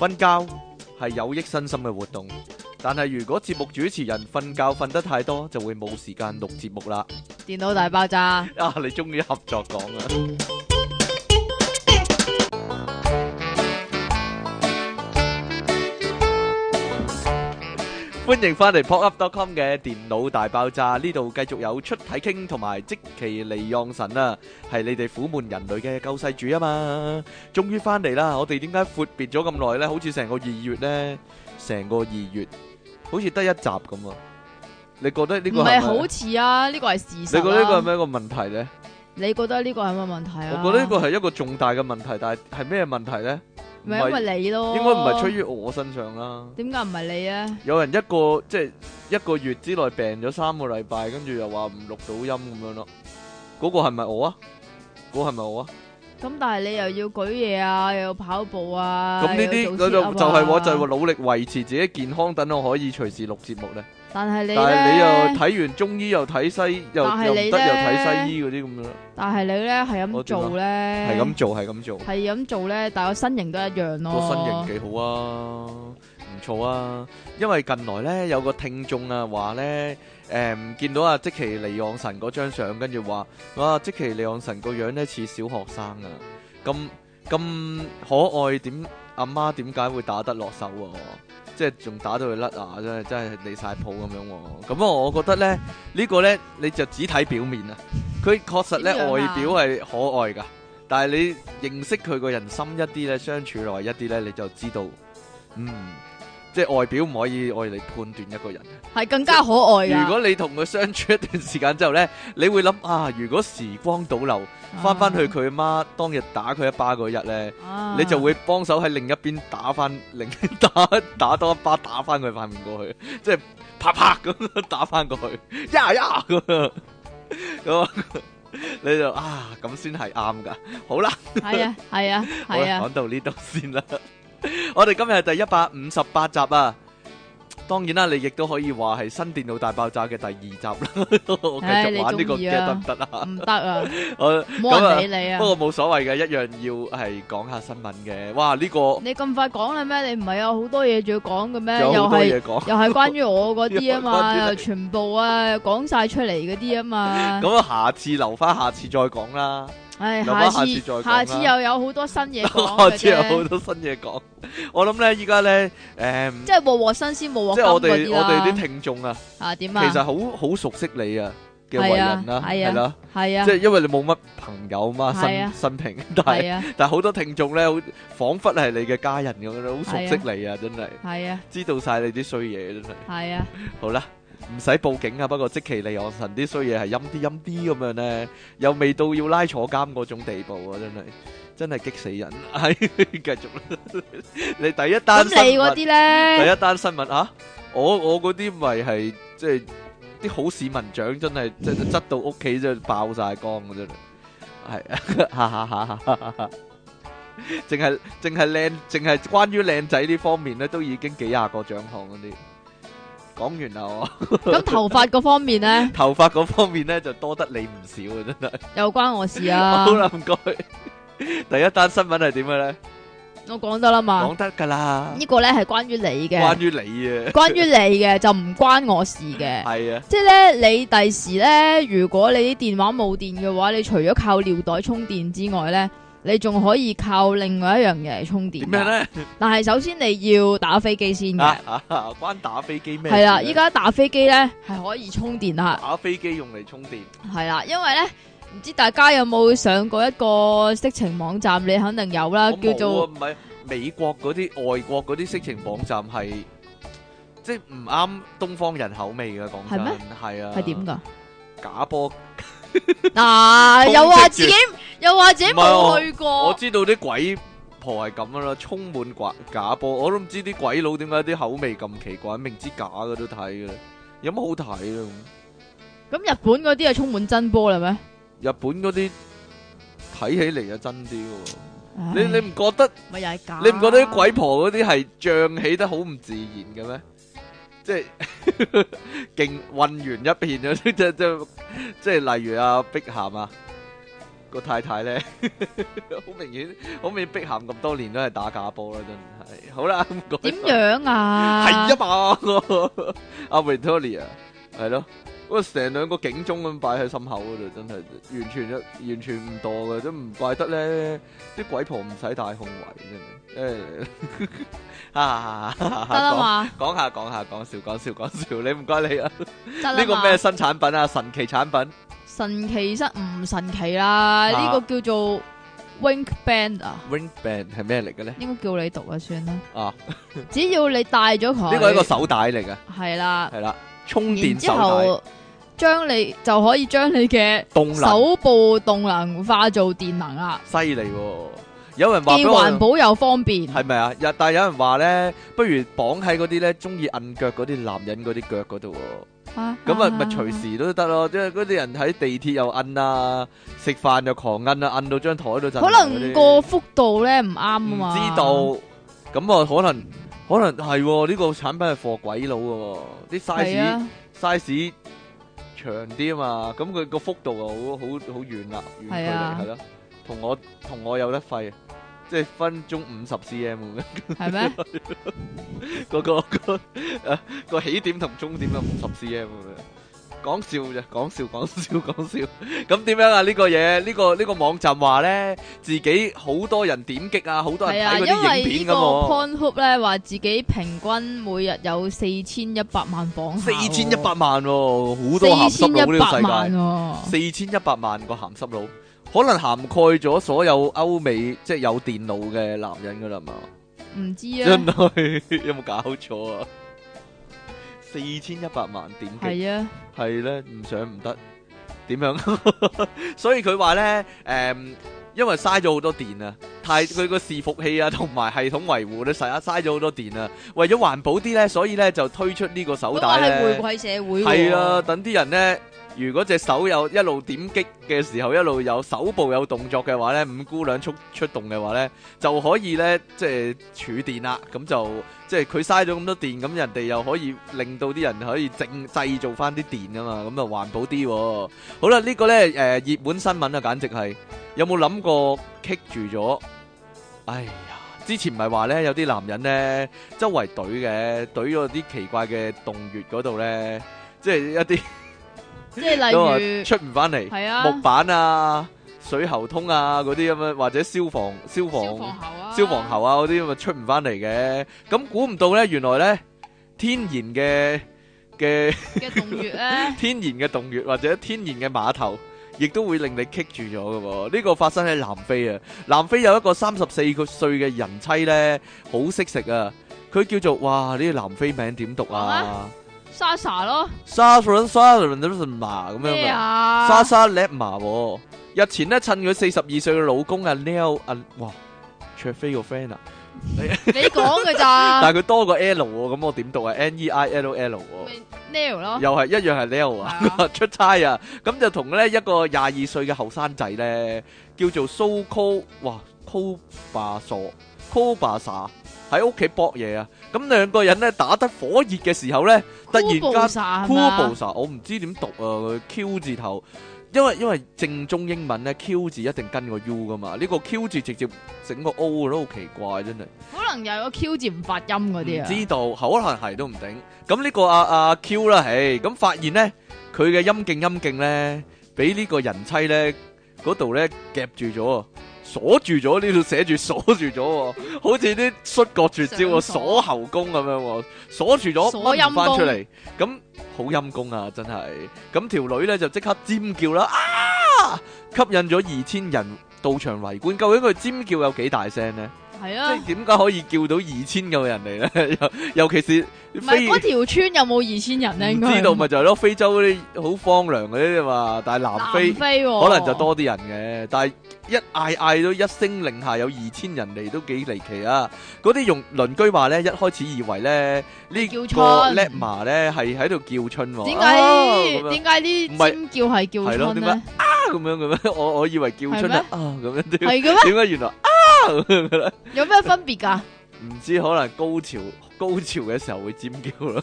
瞓覺係有益身心嘅活動，但係如果節目主持人瞓覺瞓得太多，就會冇時間錄節目啦。電腦大爆炸啊！你終於合作講啊？歡迎翻嚟 pop up.com 嘅電腦大爆炸，呢度繼續有出體 king 同埋積淇離岸神啊，係你哋苦悶人類嘅救世主啊嘛，終於翻嚟啦。我哋點解闊別咗咁耐咧？好似成個二月咧，成個二月好似得一集咁啊。你覺得呢個唔係好似啊，呢個係事實。你覺得呢個係咩個問題咧？你覺得呢個係乜問題啊？我覺得呢個係一個重大嘅問題，但係係咩問題咧？唔係因為你咯，應該唔係出於我身上啦。點解唔係你啊？有人一個即係一個月之內病咗三個禮拜，跟住又話唔錄到音咁樣咯。嗰個係咪我啊？嗰個係咪我啊？咁但係你又要舉嘢啊，又要跑步啊，咁呢啲就就就係我就努力維持自己健康，等我可以隨時錄節目咧。但係你但係你又睇完中醫又睇西醫又，又又得又睇西醫嗰啲咁樣。但係你咧係咁做咧，係咁做係咁做，係咁做咧，但個身形都一樣咯、哦。個身形幾好啊，唔錯啊。因為近來咧有個聽眾啊話咧，誒、嗯、見到阿積淇離岸神嗰張相，跟住話哇，積淇離岸神個樣咧似小學生啊，咁咁可愛，點阿媽點解會打得落手啊？即係仲打到佢甩牙，真係真係離晒譜咁樣喎。咁、嗯、啊，我覺得咧呢、呢個咧你就只睇表面啦。佢確實咧、啊、外表係可愛㗎，但係你認識佢個人深一啲咧，相處耐一啲咧，你就知道嗯。即係外表唔可以用嚟判斷一個人，係更加可愛。如果你同佢相處一段時間之後咧，你會諗啊，如果時光倒流，翻翻去佢阿媽當日打佢一巴嗰日咧，你就會幫手喺另一邊打翻，另打打多一巴，打翻佢塊面過去，即係啪啪咁打翻過去，一下一下咁樣，咁你就啊，咁先係啱噶。好啦，係啊，係啊，係啊，講到呢度先啦。 我哋今日係第一百五十八集啊，當然啦，你亦都可以話係新電腦大爆炸嘅第二集啦。繼 續玩呢個嘅得唔得啊？唔得、這個、啊！我、啊 嗯、你啊，不過冇所謂嘅，一樣要係講下新聞嘅。哇，呢、這個你咁快講啦咩？你唔係有好多嘢仲要講嘅咩？有好多嘢講，又係關於我嗰啲啊嘛， 全部啊講晒出嚟嗰啲啊嘛。咁啊，下次留翻，下次再講啦。唉，下次下次又有好多新嘢講嘅啫。下次又有好多新嘢講。我諗咧，依家咧，誒，即係和和新鮮，冇和即係我哋我哋啲聽眾啊，點啊，其實好好熟悉你啊嘅為人啦，係啦，係啊，即係因為你冇乜朋友嘛，新新平，但係但係好多聽眾咧，好仿佛係你嘅家人咁樣，好熟悉你啊，真係。係啊，知道晒你啲衰嘢真係。係啊，好啦。唔使報警啊，不過積淇離岸神啲衰嘢係陰啲陰啲咁樣咧，又未到要拉坐監嗰種地步啊！真係真係激死人，係繼續啦。你第一單，咁你嗰啲咧？第一單新聞啊，我我嗰啲咪係即係啲好市民獎，真係即係執到屋企真係爆晒光嘅啫，係啊，哈哈哈，淨係淨係靚，淨係關於靚仔呢方面咧，都已經幾廿個獎項嗰啲。講完啦，咁 頭髮嗰方面咧，頭髮嗰方面咧就多得你唔少啊，真係 又關我事啊，好啦唔該。 第一單新聞係點嘅咧？我講得啦嘛，講得㗎啦，個呢個咧係關於你嘅，關於你嘅， 關於你嘅就唔關我事嘅，係 啊，即係咧你第時咧，如果你啲電話冇電嘅話，你除咗靠尿袋充電之外咧。你仲可以靠另外一樣嘢嚟充電咩咧？但係首先你要打飛機先嘅。啊，關打飛機咩？係啦，依家打飛機咧係可以充電啊！打飛機用嚟充電，係啦，因為咧唔知大家有冇上過一個色情網站？你肯定有啦，叫做唔係美國嗰啲外國嗰啲色情網站係即係唔啱東方人口味嘅，講真係啊，係點㗎假波？嗱，又話自己又話自己冇去過，我知道啲鬼婆係咁噶啦，充滿假假波，我都唔知啲鬼佬點解啲口味咁奇怪，明知假嘅都睇嘅，有乜好睇咯？咁日本嗰啲係充滿真波啦咩？日本嗰啲睇起嚟就真啲，你你唔覺得？咪又係假？你唔覺得啲鬼婆嗰啲係脹起得好唔自然嘅咩？即係勁混完一邊咗，即即即係例如阿碧咸啊個太太咧，好明顯，好明顯碧咸咁多年都係打假波啦，真係。好啦，咁點樣啊？係呀嘛，阿維多利亞係咯。成兩個警鐘咁擺喺心口嗰度，真係完全完全唔多嘅，都唔怪得咧啲鬼婆唔使戴胸圍，真、哎、係。誒， 啊，得啦嘛，講下講下講笑講笑講笑，你唔該你啊，得啦。呢個咩新產品啊？神奇產品？神奇失唔神奇啦？呢、啊、個叫做 Wink Band 啊。Wink Band 係咩嚟嘅咧？應該叫你讀啊算啦。啊， 只要你戴咗佢，呢個係一個手帶嚟嘅。係啦，係啦， 充電手帶。將你就可以將你嘅動能手部動能化做電能啊！犀利，有人話既環保又方便，係咪啊？但係有人話咧，不如綁喺嗰啲咧中意按腳嗰啲男人嗰啲腳嗰度，咁啊咪隨時都得咯。即係嗰啲人喺地鐵又按啊，食飯又狂按啊，按到張台度就可能個幅度咧唔啱啊嘛。知道咁啊，可能可能係呢個產品係貨鬼佬嘅，啲 size size。長啲啊嘛，咁佢個幅度就好好好啊好好好遠啦，遠距離係咯，同、啊啊、我同我有得揮，即係分鐘五十 c m 嘅，係 咩嗎？嗰 個個誒個笑、啊、起點同終點啊五十 c m 嘅。講笑啫，講笑講笑講笑。咁點樣啊？呢個嘢，呢個呢個網站話咧，自己好多人點擊啊，好多人睇嗰啲影片咁咯。因為呢個 Pornhub 咧話自己平均每日有四千一百萬訪客。四千一百萬，好多鹹濕佬喎呢個世界。四千一百萬個鹹濕佬，可能涵蓋咗所有歐美即係有電腦嘅男人噶啦嘛。唔知啊。有冇搞錯啊？四千一百萬點啊，係咧唔想唔得，點樣？ 所以佢話咧，誒、嗯，因為嘥咗好多電啊，太佢個伺服器啊，同埋系統維護咧，實日嘥咗好多電啊，為咗環保啲咧，所以咧就推出呢個手帶，係回饋社會，係啊，等啲人咧。如果隻手有一路點擊嘅時候，一路有手部有動作嘅話呢，五姑娘速出動嘅話呢，就可以呢，即係儲電啦。咁就即係佢嘥咗咁多電，咁人哋又可以令到啲人可以正製造翻啲電啊嘛。咁啊環保啲。好啦，呢個呢，誒熱門新聞啊，簡直係有冇諗過棘住咗？哎呀，之前唔係話呢，有啲男人呢，周圍懟嘅，懟咗啲奇怪嘅洞穴嗰度呢，即係一啲。即係例如出唔翻嚟，啊、木板啊、水喉通啊嗰啲咁樣，或者消防消防消防喉啊、消防喉啊嗰啲咪出唔翻嚟嘅。咁估唔到咧，原來咧天然嘅嘅嘅洞穴咧，天然嘅洞穴或者天然嘅碼頭，亦都會令你棘住咗噶。呢個發生喺南非啊，南非有一個三十四歲嘅人妻咧，好識食啊，佢叫做哇呢個南非名點讀啊？啊莎莎、啊、咯，莎琳莎琳都神麻咁樣嘅，莎莎叻麻喎。日前咧，趁佢四十二歲嘅老公阿、啊、Neil 啊，哇卓飛個 friend 啊，哎、你講嘅咋？ 但係佢多個 L 喎，咁我點讀啊？Neil L n e i l 咯，又係一樣係 Neil 啊！出差 啊，咁、啊、就同咧一個廿二歲嘅後生仔咧，叫做 Suko 哇，Kuba 傻，Kuba 傻喺屋企博嘢啊！咁兩、嗯、個人咧打得火熱嘅時候咧，突然間 Cool 我唔知點讀啊，Q 字頭，因為因為正宗英文咧 Q 字一定跟個 U 噶嘛，呢、這個 Q 字直接整個 O 都好奇怪，真係。可能有個 Q 字唔發音嗰啲啊？知道，可能係都唔定。咁、嗯嗯這個啊啊、呢個阿阿 Q 啦，唉，咁、嗯、發現咧，佢嘅陰莖陰莖咧，俾呢個人妻咧嗰度咧夾住咗。鎖住咗，呢度寫住鎖住咗， 好似啲摔角絕招啊，鎖喉功咁樣，鎖住咗冇翻出嚟，咁好陰功啊，真係！咁、那、條、個、女咧就即刻尖叫啦，啊！吸引咗二千人到場圍觀，究竟佢尖叫有幾大聲呢？係啊，即係點解可以叫到二千咁嘅人嚟咧？尤尤其是唔係嗰條村有冇二千人咧？唔知道咪就係咯，非洲嗰啲好荒涼嗰啲嘛。但係南非可能就多啲人嘅。但係一嗌嗌都一聲令下有二千人嚟都幾離奇啊！嗰啲用鄰居話咧，一開始以為咧呢個叻麻咧係喺度叫春。點解點解呢？唔係叫係叫春咩？啊咁樣咁樣，我我以為叫春咧啊咁樣點？係嘅咩？點解原來啊？ 有咩分別噶？唔知可能高潮高潮嘅時候會尖叫咯，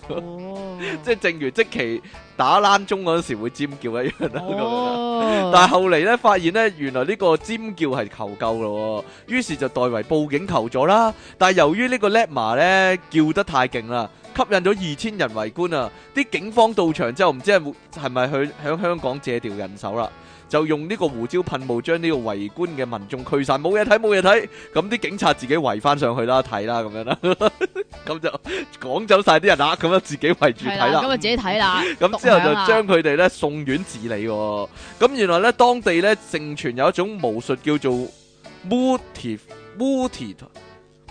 即係正如即期打拉鐘嗰時會尖叫一樣、 oh. 但係後嚟咧，發現咧，原來呢個尖叫係求救咯，於是就代為報警求助啦。但係由於呢個叻麻咧叫得太勁啦，吸引咗二千人圍觀啊！啲警方到場之後，唔知係係咪去響香港借調人手啦？就用呢個胡椒噴霧將呢個圍觀嘅民眾驅散，冇嘢睇，冇嘢睇。咁啲警察自己圍翻上去啦，睇啦，咁樣啦，咁就趕走晒啲人啊，咁樣自己圍住睇啦，咁啊自己睇啦。咁之後就將佢哋咧送院治理。咁原來咧當地咧盛傳有一種巫術叫做 Mootie Mootie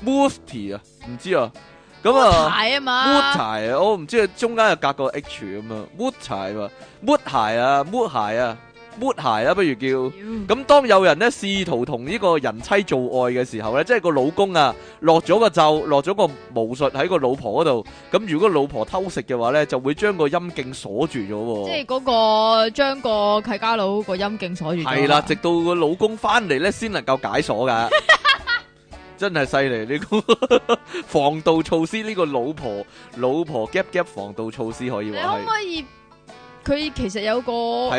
Mootie 啊，唔知啊。咁啊，Mootie 啊嘛，Mootie，我唔知中間有隔個 H 咁啊，Mootie 嘛，Mootie 啊，Mootie 啊。抹鞋啦，不如叫咁。當有人咧試圖同呢個人妻做愛嘅時候咧，即係個老公啊落咗個咒，落咗個巫術喺個老婆嗰度。咁如果老婆偷食嘅話咧，就會將個陰莖鎖住咗。即係嗰個將個契家佬個陰莖鎖住。係啦，直到個老公翻嚟咧，先能夠解鎖噶。真係犀利呢個防盜措施，呢個老婆老婆夾夾防盜措施可以話係。佢其實有個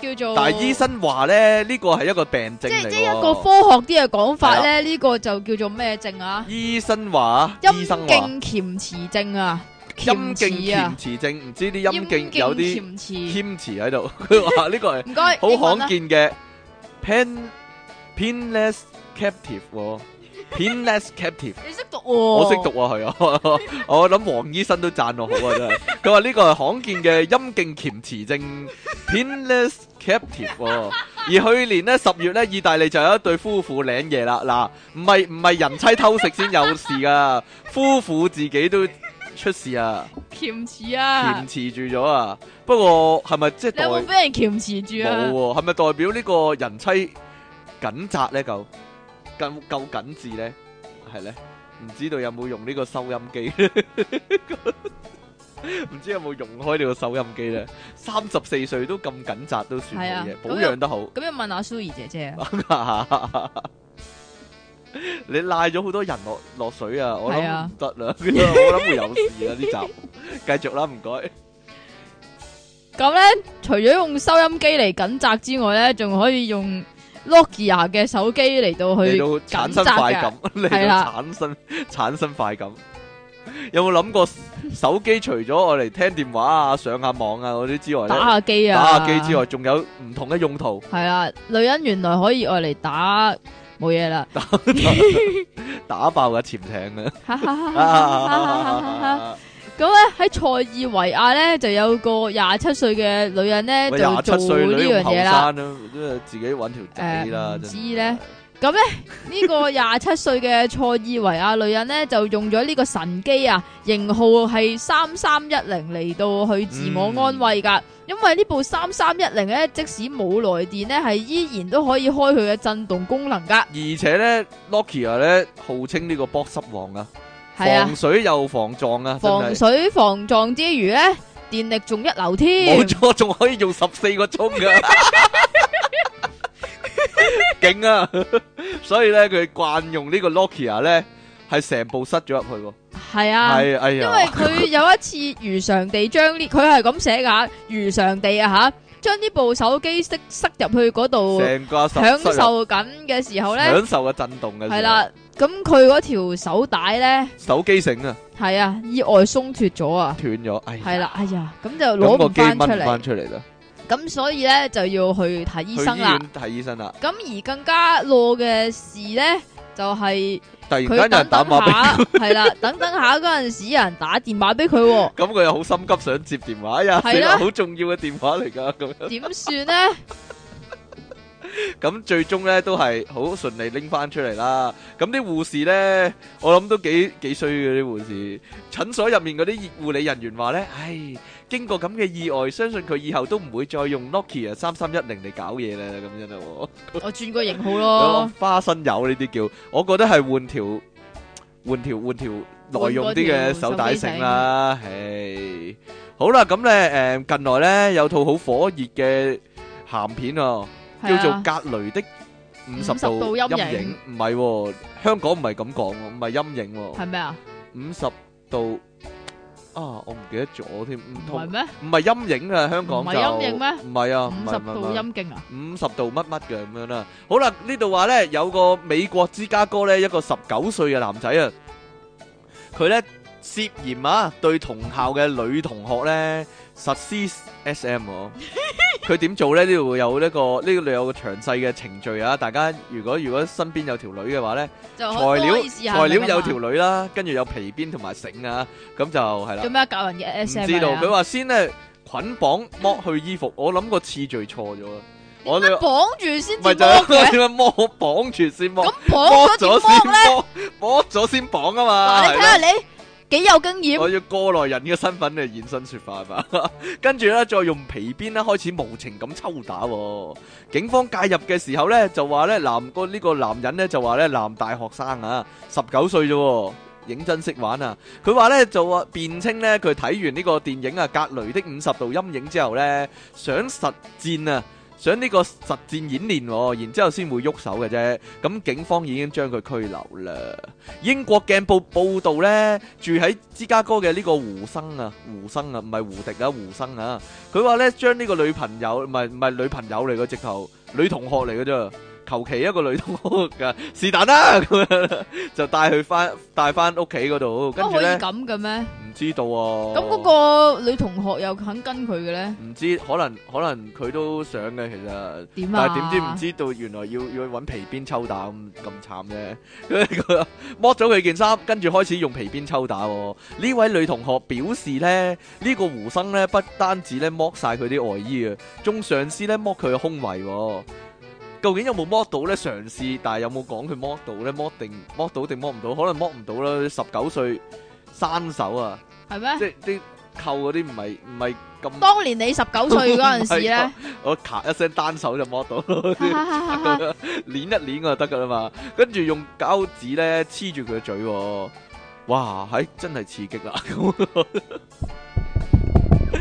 叫做、啊，但係醫生話咧，呢個係一個病症嚟。即係一個科學啲嘅講法咧，呢、啊、個就叫做咩症啊？醫生話，陰莖鉗持症啊，潛啊陰莖鉗持症，唔知啲陰莖有啲鉗持喺度。佢話呢個係 你好罕見嘅 painless captive、哦。Pinless captive，你識讀、哦、我識讀啊，係啊， 我諗黃醫生都讚我好啊，真係。佢話呢個係罕見嘅陰莖鉗持症 ，pinless captive、哦。而去年呢十月呢，意大利就有一對夫婦領嘢啦。嗱，唔係唔係人妻偷食先有事噶，夫婦自己都出事啊。鉗持啊！鉗持住咗啊！不過係咪即係有冇俾人鉗持住啊？冇，係咪代表呢個人妻緊紮咧？夠？夠夠緊致咧，係咧，唔知道有冇用呢個收音機，唔知有冇用開呢個收音機咧。三十四歲都咁緊窄都算係啊，保養得好。咁樣問阿 Suri 姐姐啊？你拉咗好多人落落水啊！我諗唔得啦，我諗會有事啦。呢集繼續啦，唔該。咁咧，除咗用收音機嚟緊窄之外咧，仲可以用。諾基亞嘅手機嚟到去產生快感，嚟到產生產生快感。有冇諗過手機除咗愛嚟聽電話啊、上下網啊嗰啲之外，打下機啊，打下機之外，仲有唔同嘅用途。係啊，女人原來可以愛嚟打冇嘢啦，打打爆個潛艇啊。咁咧喺塞爾維亞咧就有個廿七歲嘅女人咧喂就做呢樣嘢啦，自己搵條仔啦。呃、知咧，咁咧呢 個廿七歲嘅塞爾維亞女人咧就用咗呢個神機啊，型號係三三一零嚟到去自我安慰噶。嗯、因為部呢部三三一零咧，即使冇來電咧，係依然都可以開佢嘅震動功能噶。而且咧，Nokia 咧號稱呢個波濕王啊！防水又防撞啊！防水防撞之餘咧，電力仲一流添。冇錯，仲可以用十四個鐘噶，勁啊！所以咧，佢慣用呢個 Nokia 啊咧，係成部塞咗入去。係啊，係，因為佢有一次如常地將呢，佢係咁寫噶，如常地啊吓，將呢部手機塞塞入去嗰度，享受緊嘅時候咧，享受嘅震動嘅時候。係啦。咁佢嗰條手帶咧，手機繩啊，係啊，意外鬆脱咗啊，斷咗，係啦，哎呀，咁就攞唔翻出嚟，咁所以咧就要去睇醫生啦，睇醫生啦。咁而更加攞嘅事咧，就係突然間有人打馬，係啦，等等下嗰陣時有人打電話俾佢，咁佢又好心急想接電話呀，係啦，好重要嘅電話嚟噶，咁點算咧？咁最終咧都係好順利拎翻出嚟啦。咁啲護士呢，我諗都幾幾衰嘅啲護士。診所入面嗰啲護理人員話呢：「唉，經過咁嘅意外，相信佢以後都唔會再用 Nokia 三三一零嚟搞嘢啦，咁樣 咯。我轉個型號咯，花生油呢啲叫，我覺得係換條換條換條耐用啲嘅手帶繩啦。唉，好啦，咁呢，誒，近來呢有套好火熱嘅鹹片啊。叫做格雷的五十度陰影，唔係，香港唔係咁講，唔係陰影。係咩啊？五十度啊，我唔記得咗添。唔係咩？唔係陰影啊，香港唔係陰影咩？唔係啊，五十度陰莖啊，五十度乜乜嘅咁樣啦。好啦，呢度話咧有個美國芝加哥咧一個十九歲嘅男仔啊，佢咧涉嫌啊對同校嘅女同學咧。實施 S.M. 佢點做咧？呢度有呢個呢個有個詳細嘅程序啊！大家如果如果身邊有條女嘅話咧，材料材料有條女啦，跟住有皮鞭同埋繩啊，咁就係啦。做咩教人嘅 S.M. 唔知道，佢話先咧捆綁剝去衣服，我諗個次序錯咗啦。我綁住先至剝嘅，剝，綁住先剝，咁剝咗先剝，剝咗先綁啊嘛。嗱，你睇下你。幾有經驗，我要過來人嘅身份嚟現身說法係嘛？跟住咧再用皮鞭咧開始無情咁抽打喎，警方介入嘅時候咧就話咧男個呢個男人咧就話咧男大學生啊，十九歲啫，認真識玩啊，佢話咧就話辯稱咧佢睇完呢個電影啊《格雷的五十度陰影》之後咧想實戰啊。想呢個實戰演練，然之後先會喐手嘅啫。咁警方已經將佢拘留啦。英國鏡報報道呢，住喺芝加哥嘅呢個胡生啊，胡生啊，唔係胡迪啊，胡生啊，佢話呢，將呢個女朋友，唔係唔係女朋友嚟嘅，直頭女同學嚟嘅啫。求其一個女同學噶，是但啦，咁 樣就帶佢翻帶翻屋企嗰度，都可以咁嘅咩？唔知道，啊。咁嗰個女同學又肯跟佢嘅咧？唔知，可能可能佢都想嘅其實，啊，但係點知唔知道原來要要去揾皮鞭抽打咁咁慘咧？佢 剝咗佢件衫，跟住開始用皮鞭抽打，啊。呢位女同學表示咧，呢、這個胡生咧不單止咧剝晒佢啲外衣啊，仲嘗試咧剝佢嘅胸圍。究竟有冇摸到咧？嘗試，但係有冇講佢摸到咧？摸定摸到定摸唔到？可能摸唔到啦。十九歲生手啊，係咩嗎？即係啲扣嗰啲唔係唔係咁。當年你十九歲嗰陣時咧 、啊，我咔一聲單手就摸到，捻 一捻就得㗎啦嘛。跟住用膠紙咧黐住佢嘅嘴、啊，哇！係、哎、真係刺激啦。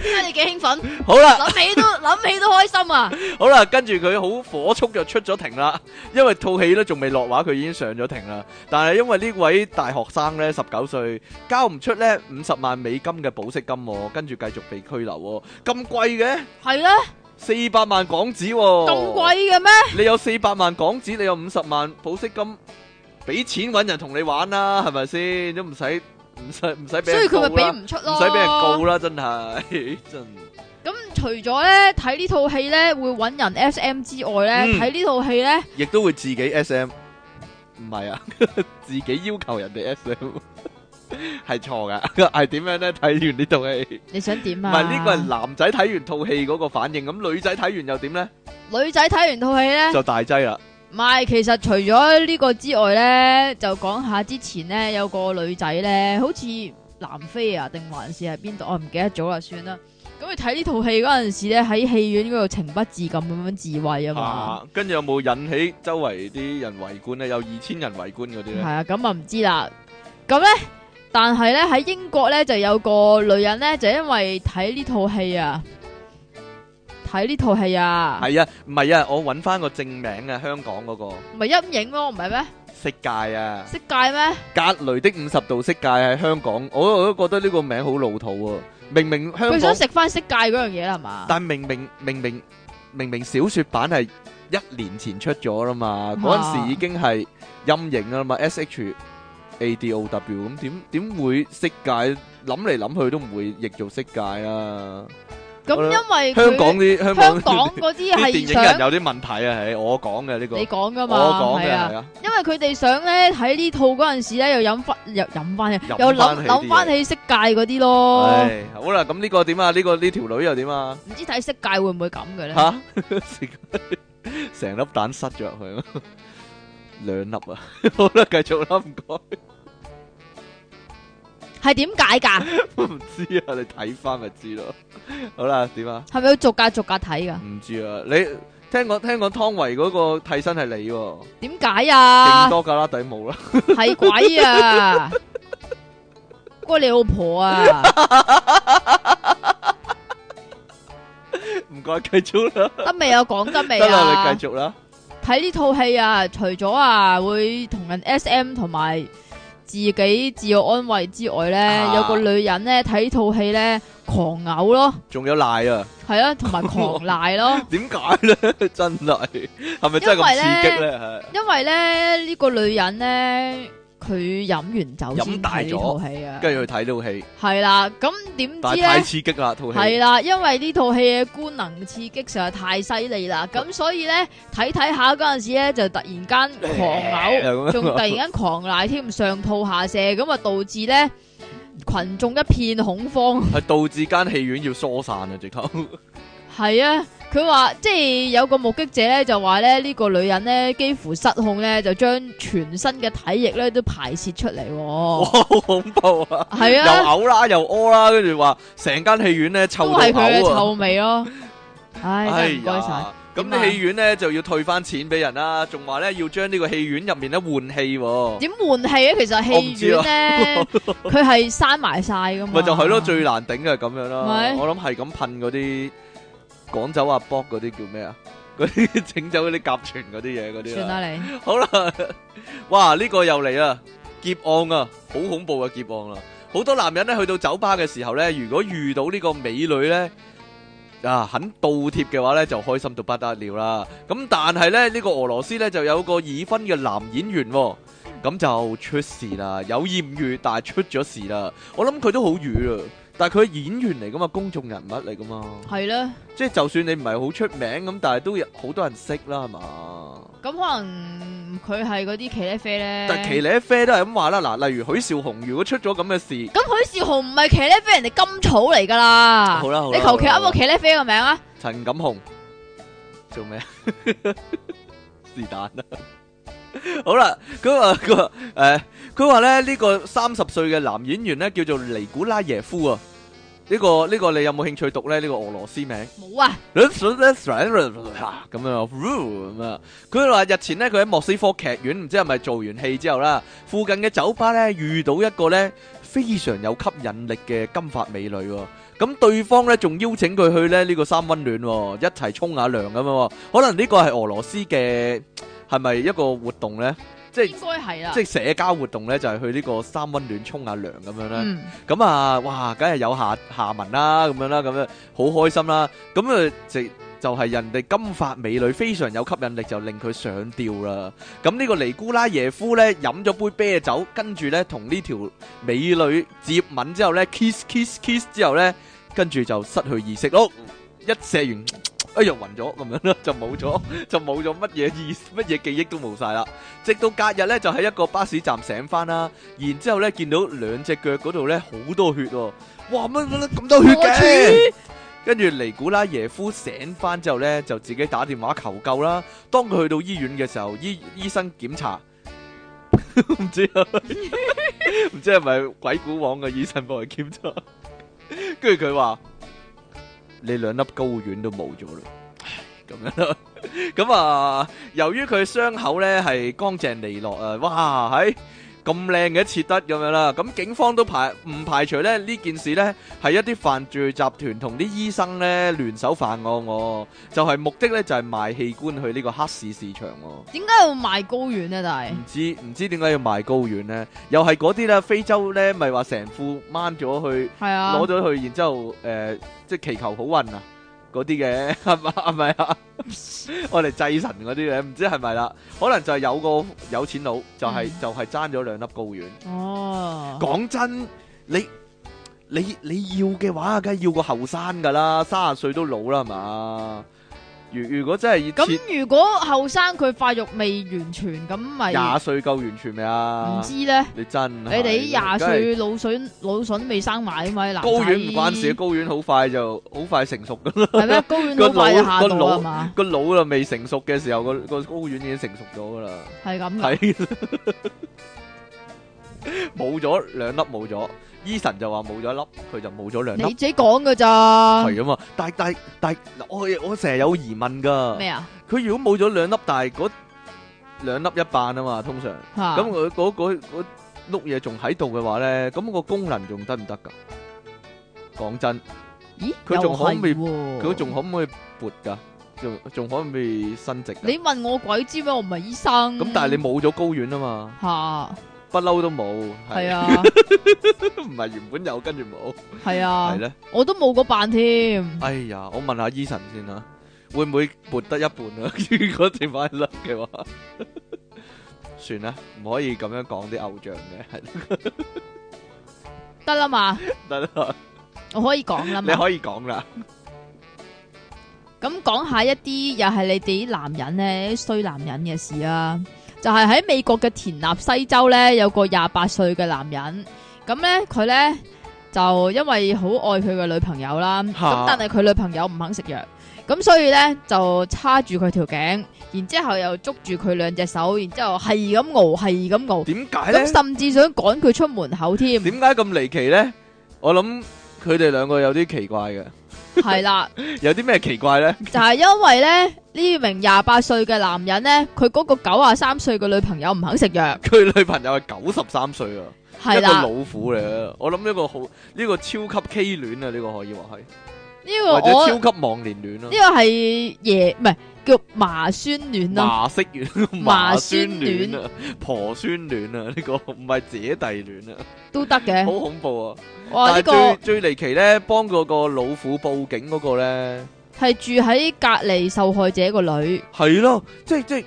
因為你幾興奮，好啦，諗起都諗起都開心啊！好啦，跟住佢好火速就出咗庭啦，因為套戲都仲未落畫，佢已經上咗庭啦。但係因為呢位大學生咧，十九歲交唔出咧五十萬美金嘅保釋金，跟住繼續被拘留。咁貴嘅？係啊，四百萬港紙，咁貴嘅咩？你有四百萬港紙，你有五十萬保釋金，俾錢搵人同你玩啦，係咪先？都唔使。唔使唔使俾，所以佢咪俾唔出咯，唔使俾人告啦，真係真。咁除咗咧睇呢套戲咧會搵人 S M 之外咧，睇呢套戲咧亦都會自己 S M，唔係啊，自己要求人哋 S M 係錯噶，係點樣咧？睇完呢套戲，你想點啊？唔係呢個係男仔睇完套戲嗰個反應，咁女仔睇完又點咧？女仔睇完套戲咧就大劑啦！唔係，其實除咗呢個之外呢，就講下之前呢，有個女仔呢，好似南非啊，定還是係邊度？我、啊、唔記得咗啦，算啦。咁佢睇呢套戲嗰陣時呢，喺戲院嗰度情不自禁咁樣自慰啊嘛。跟住、啊、有冇引起周圍啲人圍觀呢？有二千人圍觀嗰啲咧？係啊，咁啊唔知啦。咁呢，但係呢，喺英國呢，就有個女人呢，就因為睇呢套戲啊。睇呢套戲啊！係啊，唔係啊，我揾翻個正名啊，香港嗰個唔係陰影咯，唔係咩？色戒啊，色戒咩？格雷的五十度色戒喺香港，我我都覺得呢個名好老土啊！明明香港佢想食翻色戒嗰樣嘢，係嘛？但明明明明明明小說版係一年前出咗啦嘛，嗰陣時已經係陰影啦嘛，S H A D O W，咁點點會色戒？諗嚟諗去都唔會譯做色戒啊！咁因為香港啲香港嗰啲係電影人有啲問題啊，係我講嘅呢個，你講噶嘛，我講嘅係啊，因為佢哋想咧睇呢套嗰陣時咧又飲翻又飲翻嘢，又諗諗翻起色戒嗰啲咯。好啦，咁呢個點啊？呢個呢條女又點啊？唔知睇色戒會唔會咁嘅咧？吓，成粒蛋塞咗入去咯，兩粒啊，好啦，繼續啦，唔該。係點解噶？我唔知啊，你睇翻咪知咯。好啦，點啊？係咪要逐格逐格睇噶？唔知啊，你聽講聽講湯唯嗰個替身係你？點解啊？勁多架拉底帽啦，係鬼啊！不過你老婆啊！唔該，繼續啦。得未啊？講得未啊？得啦，你繼續啦。睇呢套戲啊，除咗啊會同人 SM 同埋。自己自我安慰之外咧，啊、有個女人咧睇套戲咧狂嘔咯，仲有瀨啊，係啊， 同埋狂瀨咯，點解咧？ 真係係咪真係咁刺激咧？係，因為咧呢、呢個女人咧。佢飲完酒，飲大咗，套戲啊，跟住去睇呢套戲。係啦，咁點知咧？但係太刺激啦，套戲係啦，因為呢套戲嘅官能刺激實在太犀利啦，咁 所以咧睇睇下嗰陣時咧就突然間狂嘔，仲 突然間狂鬧添，上吐下瀉，咁啊導致咧群眾一片恐慌，係 導致間戲院要疏散啊！直頭。 係啊，佢話即係有個目擊者咧，就話咧呢、這個女人咧幾乎失控咧，就將全身嘅體液咧都排泄出嚟、哦。哇，好恐怖啊！係啊，又嘔啦，又屙啦，跟住話成間戲院咧臭到。都係佢嘅臭味咯、哦。唉、哎， 真係怪晒。咁戲、哎呀啊、院咧就要退翻錢俾人啦，仲話咧要將呢個戲院入面咧換氣。點換氣啊？其實戲院咧，佢係閂埋晒噶嘛。咪就係、是、咯，最難頂嘅咁樣啦。 啊、我諗係咁噴嗰啲。趕走阿卜嗰啲叫咩啊？啲整 走嗰啲甲醛嗰啲嘢嗰啲算啦你。 好啦，哇呢、呢個又嚟啊！劫案啊，好恐怖嘅劫案啦、啊！好多男人咧去到酒吧嘅時候咧，如果遇到呢個美女咧啊，肯倒貼嘅話咧，就開心到不得了啦。咁但係咧呢、呢個俄羅斯咧就有個已婚嘅男演員、啊，咁就出事啦，有艷遇但係出咗事啦。我諗佢都好瘀啊！但佢係演員嚟噶嘛，公眾人物嚟噶嘛，係咧呢，即係就算你唔係好出名咁，但係都好多人識啦，係嘛？咁可能佢係嗰啲騎呢啡咧？但騎呢啡都係咁話啦，嗱，例如許紹雄，如果出咗咁嘅事，咁許紹雄唔係騎呢啡，人哋甘草嚟噶啦。好啦，你求其噏個騎呢啡個名啊？陳錦鴻做咩啊？是但啦。好啦，咁啊，誒。 便吧 佢話咧呢個三十歲嘅男演員咧叫做尼古拉耶夫啊，呢個呢個你有冇興趣讀咧？呢個俄羅斯名冇啊，咁樣咁啊。佢話日前咧佢喺莫斯科劇院，唔知係咪做完戲之後啦，附近嘅酒吧咧遇到一個咧非常有吸引力嘅金髮美女，咁對方咧仲邀請佢去咧呢個三温暖，一齊沖下涼咁啊！可能呢個係俄羅斯嘅係咪一個活動咧？即係應該係啦，即係社交活動咧，就係去呢個三溫暖沖下涼咁樣啦。咁啊，哇，梗係有下下文啦，咁樣啦，咁樣好開心啦。咁啊，直就係人哋金髮美女非常有吸引力，就令佢上釣啦。咁呢個尼古拉耶夫咧飲咗杯啤酒，跟住咧同呢條美女接吻之後咧 kiss kiss kiss 之後咧，跟住就失去意識咯，一死。哎呀，暈咗咁樣啦，就冇咗，就冇咗乜嘢意，乜嘢記憶都冇晒啦。直到隔日咧，就喺一個巴士站醒翻啦，然之後咧見到兩隻腳嗰度咧好多血喎，哇，乜乜咁多血嘅？跟住尼古拉耶夫醒翻之後咧，就自己打電話求救啦。當佢去到醫院嘅時候，醫醫生檢查，唔知唔知係咪鬼古王嘅醫生幫佢檢查？跟住佢話。你兩粒高丸都冇咗啦，咁樣啦，咁 啊、嗯，由於佢傷口咧係乾淨利落啊，哇，係、哎。咁靚嘅切得咁樣啦，咁警方都排唔排除咧？呢件事呢係一啲犯罪集團同啲醫生咧聯手犯案，哦，我就係、是，目的呢，就係、是、賣器官去呢個黑市市場喎，哦。點解要賣高遠呢？但係唔知唔知點解要賣高遠呢？又係嗰啲呢，非洲呢咪話成副掹咗去，攞咗、啊、去，然之後誒、呃，即係祈求好運啊！嗰啲嘅係咪啊？我哋祭神嗰啲咧，唔知係咪啦？可能就係有個有錢佬，就係、是、就係爭咗兩粒睪丸。哦，講真，你你你要嘅話，梗係要個後生噶啦，三十歲都老啦，係嘛？如如果真係咁，如果後生佢發育未完全，咁咪廿歲夠完全未啊？唔知咧，你真你哋啲廿歲腦筍腦筍未生埋啊嘛？男仔睾丸唔關事，睾丸好快就好快成熟噶啦。係咩？睾丸好快就下到啦嘛？個腦啦未成熟嘅時候，個個睾丸已經成熟咗噶啦。係咁噶。係冇咗兩粒冇咗。醫生就話冇咗一粒，佢就冇咗兩粒。你自己講㗎咋？係啊嘛，但係但係但係嗱，我我成日有疑問噶。咩啊？佢如果冇咗兩粒，但係嗰兩粒一半啊嘛，通常咁佢嗰嗰嗰碌嘢仲喺度嘅話咧，咁個功能仲得唔得噶？講真，咦？佢仲可唔可？佢仲可唔可以撥噶？仲仲可唔可以伸直？你問我鬼知咩？我唔係醫生。咁但係你冇咗睾丸啊嘛？吓。不嬲都冇，係啊，唔係原本有跟住冇，係啊，係咧，我都冇嗰半添。哎呀，我問下 Eason 先吓，會唔會撥得一半啊？如果剩翻甩嘅話，算啦，唔可以咁樣講啲偶像嘅，得啦嘛，得啦，我可以講啦嘛，你可以講啦。咁講下一啲又係你哋啲男人咧，啲衰男人嘅事啊。就係喺美國嘅田納西州呢，有個廿八歲嘅男人，咁呢，佢呢，就因為好愛佢嘅女朋友啦，咁哈但係佢女朋友唔肯食藥，咁所以呢，就叉住佢條頸，然之後又捉住佢兩隻手，然之後係咁熬，係咁熬，點解呢？甚至想趕佢出門口添。點解咁離奇呢？我諗佢哋兩個有啲奇怪嘅。係啦， 有啲咩奇怪咧？就係因為咧，呢名廿八歲嘅男人咧，佢嗰個九十三歲嘅女朋友唔肯食藥。佢女朋友係九十三歲啊，的一個老虎嚟啊！嗯、我諗呢個好呢、呢個超級畸戀啊，呢、呢個可以話係呢個超級忘年戀咯、啊。呢個係夜，唔、這、係、個。叫麻酸戀啊，麻色戀，麻酸戀啊，婆酸戀啊，呢個唔係姐弟戀啊，都得嘅，好恐怖啊！哇，呢個最離奇咧，幫嗰個老虎報警嗰個咧，係住喺隔籬受害者個女，係咯，即係即係，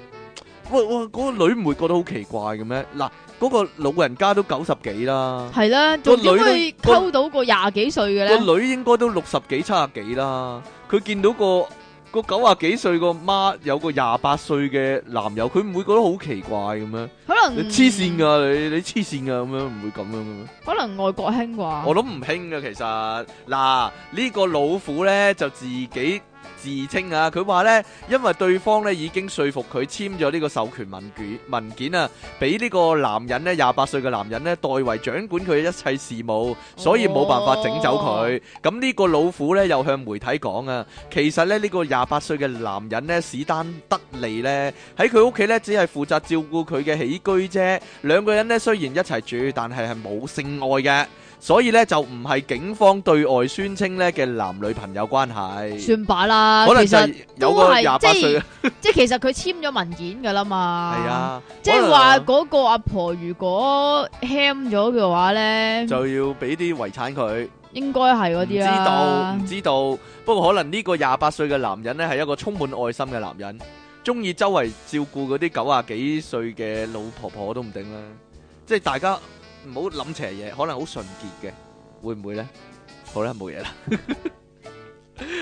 哇哇，嗰個女唔會覺得好奇怪嘅咩？嗱，嗰個老人家都九十幾啦，係啦，個女，個女，溝到個廿幾歲嘅咧，個女應該都六十幾七十幾啦，佢見到個。個九十幾歲個媽有個廿八歲嘅男友，佢唔會覺得好奇怪咁樣，可能你黐線噶，你你黐線噶咁樣，唔會咁樣噶咩？可能外國興啩，我諗唔興噶。其實嗱，呢個老虎咧就自己。自稱啊，佢話呢，因為對方呢已經說服佢簽咗呢個授權文件文件啊，俾呢個男人呢廿八歲嘅男人呢代為掌管佢一切事務，所以冇辦法整走佢。咁呢、哦、個老虎呢，又向媒體講啊，其實呢，呢、這個廿八歲嘅男人呢，史丹德利呢，喺佢屋企呢，只係負責照顧佢嘅起居啫，兩個人呢，雖然一齊住，但係係冇性愛嘅。所以咧就唔係警方對外宣稱咧嘅男女朋友關係，算罷啦。可能就有個廿八歲，即係其實佢簽咗文件噶啦嘛。係啊，即係話嗰個阿婆如果輕咗嘅話咧，就要俾啲遺產佢。應該係嗰啲啦，唔知道唔知道。不過可能呢個廿八歲嘅男人咧係一個充滿愛心嘅男人，中意周圍照顧嗰啲九廿幾歲嘅老婆婆都唔定啦。即係大家。唔好諗邪嘢，可能好純潔嘅，會唔會咧？好啦，冇嘢啦。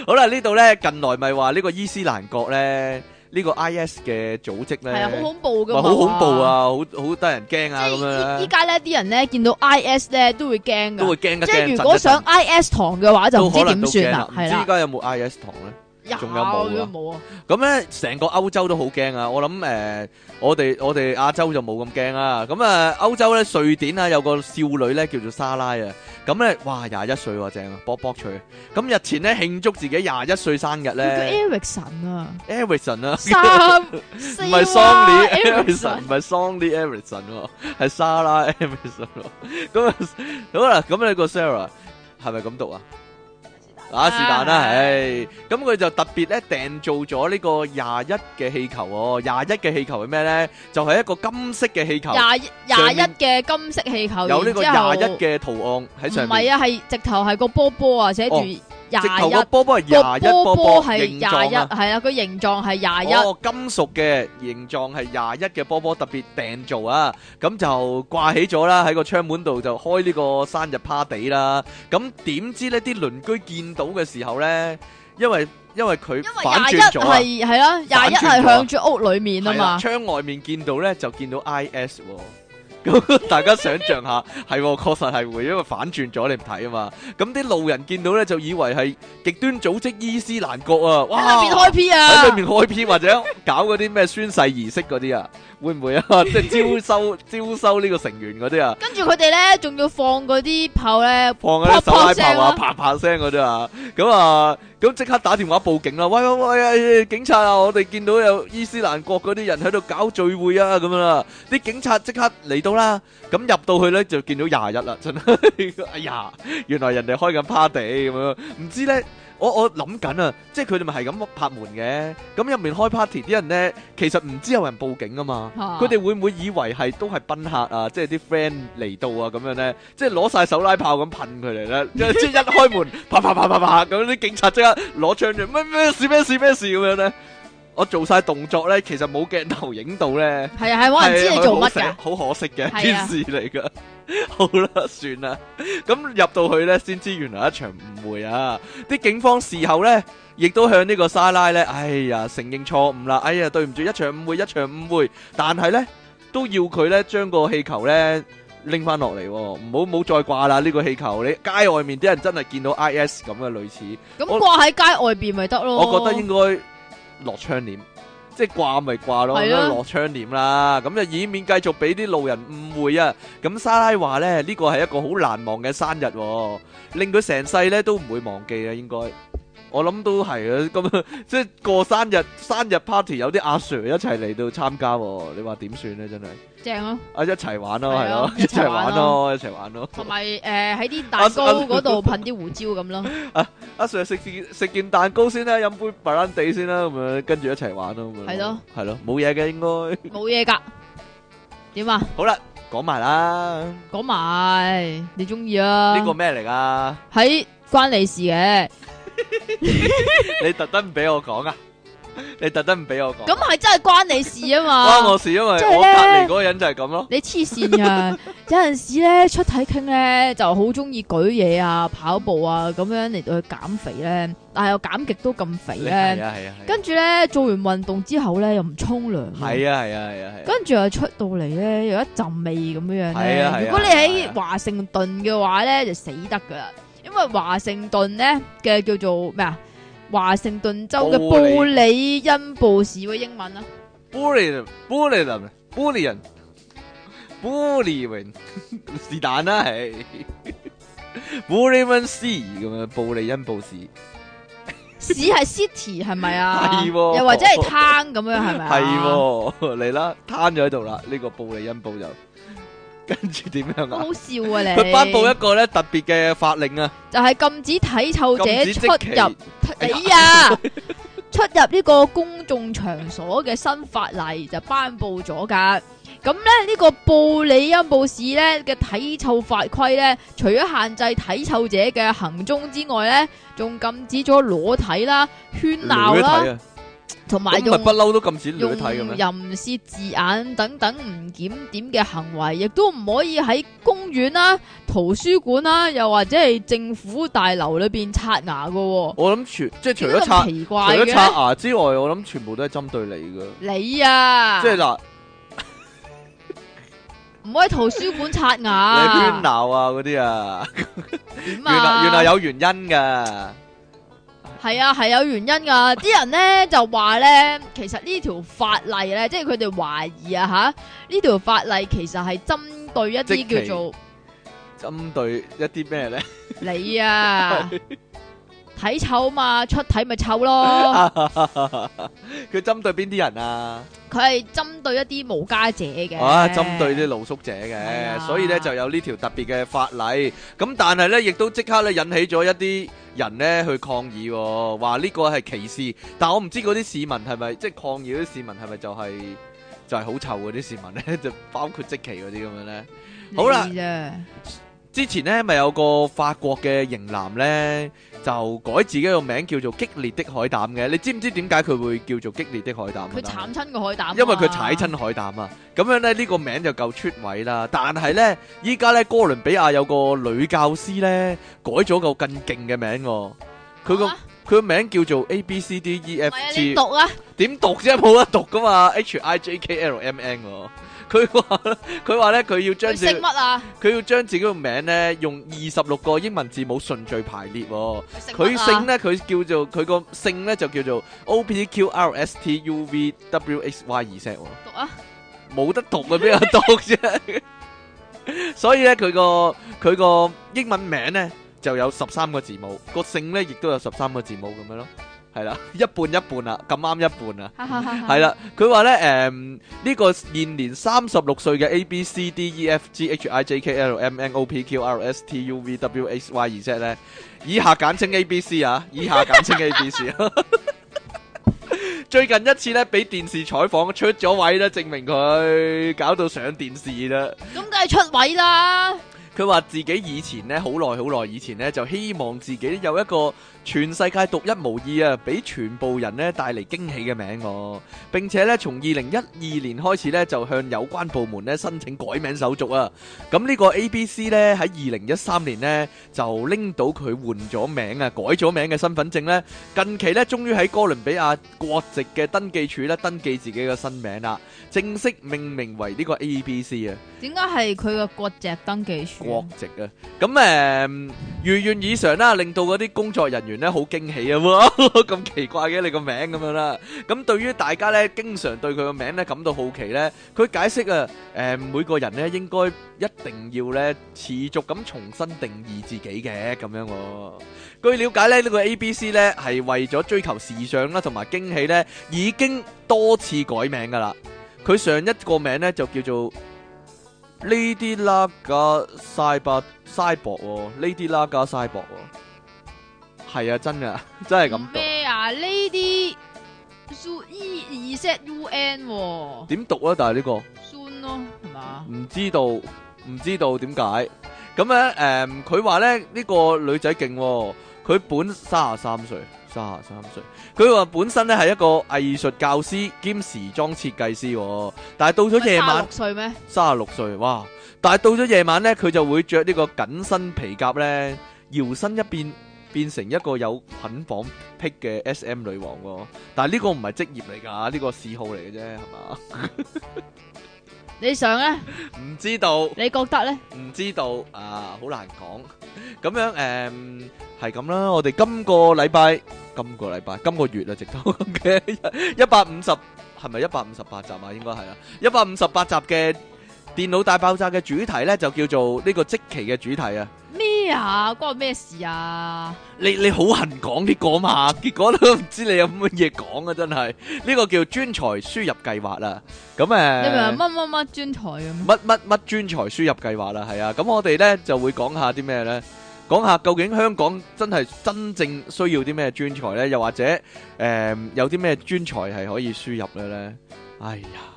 好啦，呢度咧近來咪話呢個伊斯蘭國咧，呢個 IS 嘅組織咧係啊，好恐怖噶，好恐怖啊，好好得人驚啊咁樣。依家咧啲人咧見到 IS 咧都會驚噶，都會驚噶。即係如果想 IS 堂嘅話，就唔知點算啦。係啦，唔知依家有冇 IS 堂咧？仲有冇啊？冇啊。咁咧，成個歐洲都好驚啊！我諗誒，我哋我哋亞洲就冇咁驚啊。咁啊，歐洲咧，瑞典啊，有個少女咧叫做莎拉啊。咁咧，哇，廿一歲正啊，卜卜脆。咁日前咧慶祝自己廿一歲生日咧，Ericsson 啊，Ericsson 啊，唔係 Sony Ericsson，唔係 Sony Ericsson，係莎拉 Ericsson。咁啊好啦，咁你個 Sarah 係咪咁讀啊？啊，是但啦，唉，咁佢就特別咧訂做咗呢個廿一嘅氣球哦，廿一嘅氣球係咩咧？就係、是、一個金色嘅氣球，廿一廿一嘅金色氣球，有呢個廿一嘅圖案喺上面，唔係啊，係直頭係個波波啊，寫住、哦。21, 直頭個波波，廿一波波係廿一，係啊，個形狀係廿一。哦，金屬嘅形狀係廿一嘅波波，特別訂做啊！咁、嗯、就掛起咗啦，喺個窗門度就開呢個生日 party 啦。咁點知呢啲鄰居見到嘅時候咧，因為因為佢為反轉咗啊，係係啦，廿一係向住屋裏面啊嘛，窗外面見到咧就見到 IS、啊。 大家想象下，係確實係會，因為反轉咗你唔睇啊嘛。咁啲路人見到呢，就以為係極端組織伊斯蘭國啊！哇，喺裏面開片啊，喺裏面開片或者搞嗰啲咩宣誓儀式嗰啲啊。會唔會啊？即係招收 招收呢個成員嗰啲啊？跟住佢哋咧，仲要放嗰啲炮咧，放嗰啲手拉炮啊，啪啪聲嗰啲啊！咁啊，咁即、啊啊、刻打電話報警啦，啊！喂喂喂啊，警察啊，我哋見到有伊斯蘭國嗰啲人喺度搞聚會啊！咁樣啦，啊，啲警察即刻嚟到啦！咁入到去咧就見到廿日啦，真係！哎呀，原來人哋開緊 party 咁樣，啊，唔知咧。我我諗緊啊，即係佢哋咪係咁拍門嘅，咁入面開 party 啲人咧，其實唔知有人報警啊嘛，佢哋、啊、會唔會以為係都係賓客啊，即係啲 friend 嚟到啊咁樣咧，即係攞晒手拉炮咁噴佢哋咧， 即係一開門，啪啪啪啪啪，咁啲警察即刻攞槍住咩咩事咩事咩事咁樣咧。我做晒動作咧，其實冇鏡頭影到咧。係啊，係冇人知你做乜噶。好可惜嘅一件事嚟噶。好啦，算啦。咁入到去咧，先知原來一場誤會啊！啲警方事後咧，亦都向呢個沙拉咧，哎呀，承認錯誤啦。哎呀，對唔住，一場誤會，一場誤會。但係咧，都要佢咧將個氣球咧拎翻落嚟，唔好唔好再掛啦。呢個氣球你街外面啲人真係見到 IS 咁嘅類似。咁掛喺街外邊咪得咯？我覺得應該。落窗簾，即係掛咪掛咯， 落窗簾啦，咁就以免繼續俾啲路人誤會啊！咁莎拉話呢，呢個係一個好難忘嘅生日，令佢成世呢都唔會忘記啊，應該。我諗都係啊，即係過生日生日 party 有啲阿 Sir 一齊嚟到參加，你話點算咧？真係正咯！啊，一齊玩咯，係咯，一齊玩咯，一齊玩咯。同埋誒，喺啲蛋糕嗰度噴啲胡椒咁咯。阿阿 Sir 食件食件蛋糕先啦，飲杯白蘭地先啦，咁啊跟住一齊玩咯。係咯，係咯，冇嘢嘅應該冇嘢噶。點啊？好啦，講埋啦，講埋你中意啊。呢個咩嚟噶？喺關你事嘅。你特登唔俾我講啊！你特登唔俾我講，咁係真係關你事啊嘛！關我事，因為我隔籬嗰個人就係咁咯。你黐線啊！有陣時咧出體傾咧就好中意舉嘢啊、跑步啊咁樣嚟到去減肥咧，但係又減極都咁肥咧。係啊係啊。跟住咧做完運動之後咧又唔沖涼。係啊係啊係。跟住又出到嚟咧又一陣味咁樣樣。係啊係啊。如果你喺華盛頓嘅話咧就死得噶啦。因為華盛頓咧嘅叫做咩啊？華盛頓州嘅布里恩布市，嘅英文啊？布里布里恩，布里恩，布里恩是但啦，係布里恩市咁樣，布里恩布，布，布市， 市係 city 係咪啊？ 啊又或者係 town 咁樣係咪啊？係嚟啦，攤咗喺度啦，呢、這個布里恩布就。跟住點樣啊？好笑啊！你佢頒 布一個咧特別嘅法令啊，就係禁止體臭者出入。哎呀，哎、呀 出入呢個公眾場所嘅新法例就頒布咗噶。咁咧呢個布里恩布市咧嘅體臭法規咧，除咗限制體臭者嘅行蹤之外咧，仲禁止咗裸體啦、喧鬧啦。同埋因為不嬲都咁睇用淫褻字眼等等唔檢點嘅行為，亦都唔可以喺公園啦、啊、圖書館啦、啊，又或者係政府大樓裏邊刷牙嘅、哦。我諗全即係除咗刷麼麼奇怪除咗刷牙之外，我諗全部都係針對你噶。你啊，即係嗱，唔 可以圖書館刷牙。你邊鬧啊？嗰啲啊， 原來原來有原因噶。係啊，係有原因噶。啲 人咧就話咧，其實呢條法例咧，即係佢哋懷疑啊吓，呢、啊、條法例其實係針對一啲叫做，針對一啲咩咧？你啊！ 睇臭嘛，出體咪臭咯。佢針 對邊啲人啊？佢係針對一啲無家者嘅，哇、啊！針對啲露宿者嘅，的所以咧就有呢條特別嘅法例。咁但係咧，亦都即刻咧引起咗一啲人咧去抗議、哦，話呢個係歧視。但我唔知嗰啲市民係咪，即、就、係、是、抗議啲市民係咪就係、是、就係、是、好臭嗰啲市民咧？就 包括積淇嗰啲咁樣咧。的好啦。 之前咧咪有個法國嘅型男咧，就改自己個名叫做激烈的海膽嘅。你知唔知點解佢會叫做激烈的海膽？佢慘親個海膽，因為佢踩親海膽啊。咁樣咧呢個名就夠出位啦。但係咧依家咧哥倫比亞有個女教師咧改咗個更勁嘅名喎，佢個佢個名叫做 A B C D E F G。唔係你讀啊？點讀啫？冇得讀㗎嘛？H I J K L M N 咯。佢話咧，佢話咧，佢要將佢姓乜啊？佢要將自己個名咧，用二十六個英文字母順序排列。佢姓咧，佢叫做佢個姓咧，就叫做 O P Q R S T U V W X Y Z。讀啊，冇得讀嘅邊個讀啫？所以咧，佢個佢個英文名咧就有十三個字母，個姓咧亦都有十三個字母咁樣咯。.係啦，一半一半啦，咁啱一半啊。係啦， 佢話咧，誒、嗯，呢、這個現年三十六歲嘅 A B C D E F G H I J K L M N O P Q R S T U V W X Y Z，而家以下簡稱 A B C 啊，以下簡稱 A B C。最近一次咧，俾電視採訪出咗位啦，證明佢搞到上電視啦。咁梗係出位啦。佢話自己以前咧，好耐好耐以前咧，就希望自己有一個。全世界獨一無二啊！俾全部人咧帶嚟驚喜嘅名，我並且咧從二零一二年開始咧就向有關部門咧申請改名手續啊！咁呢個 A B C 咧喺二零一三年咧就拎到佢換咗名啊，改咗名嘅身份證咧，近期咧終於喺哥倫比亞國籍嘅登記處咧登記自己嘅新名啦，正式命名為呢個 A B C 啊！點解係佢嘅國籍登記處？國籍啊！咁誒，如願以償啦，令到嗰啲工作人員。咧好驚喜啊！咁奇怪嘅你個名咁樣啦，咁對於大家咧，經常對佢個名咧感到好奇咧，佢解釋啊，誒，每個人咧應該一定要咧持續咁重新定義自己嘅，咁樣。據了解咧，呢個 A B C 咧係為咗追求時尚啦，同埋驚喜咧，已經多次改名噶啦。佢上一個名咧就叫做 Lady Gaga 賽博賽博，Lady Gaga 賽博。係啊，真噶，真係咁讀咩啊？呢啲、e、u n 點讀啊？但係呢、呢個酸咯，係嘛了？唔知道，唔知道點解咁咧？誒、啊，佢話咧呢、呢個女仔勁、哦，佢本三十三歲，三十三歲。佢話本身咧係一個藝術教師兼時裝設計師、哦，但係到咗夜晚三十六歲咩？三十六歲哇！但係到咗夜晚咧，佢就會着呢個緊身皮夾咧，搖身一變。變成一個有捆綁癖嘅 SM 女王喎，但係呢個唔係職業嚟噶，呢個嗜好嚟嘅啫，係嘛？你想咧？唔知道？你覺得咧？唔知道，啊，好難講。咁樣，誒，係咁啦。我哋今個禮拜，今個禮拜，今個月啊，直到嘅一百五十，係咪一百五十八集啊？應該係啦，一百五十八集嘅。電腦大爆炸嘅主題呢，就叫做呢個即期嘅主題啊！咩啊？關我咩事啊？你你好恨講呢個嘛？結果都唔知你有乜嘢講啊！真係呢個叫專才輸入計劃啦。咁誒，你咪乜乜乜專才咁？乜乜乜專才輸入計劃啦，係啊！咁我哋呢就會講下啲咩呢？講下究竟香港真係真正需要啲咩專才呢？又或者誒有啲咩專才係可以輸入嘅呢？哎呀！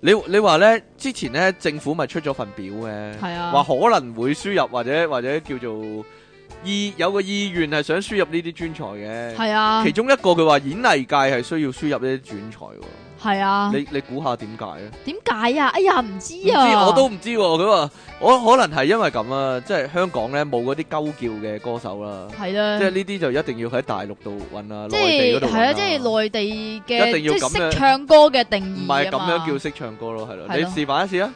你你話咧，之前咧政府咪出咗份表嘅，係是啊，話可能會輸入，或者或者叫做意有個意願係想輸入呢啲專才嘅，係是啊，其中一個佢話演藝界係需要輸入呢啲專才。係啊，你你估下點解咧？點解啊？哎呀，唔知啊，我都唔知。佢話我可能係因為咁啊，即係香港咧冇嗰啲鳩叫嘅歌手啦。係啦，即係呢啲就一定要喺大陸度搵啊，內地嗰度搵啊。即係係啊，即係內地嘅，即係識唱歌嘅定義啊嘛。唔係咁樣叫識唱歌咯，係咯。你示範一次啊。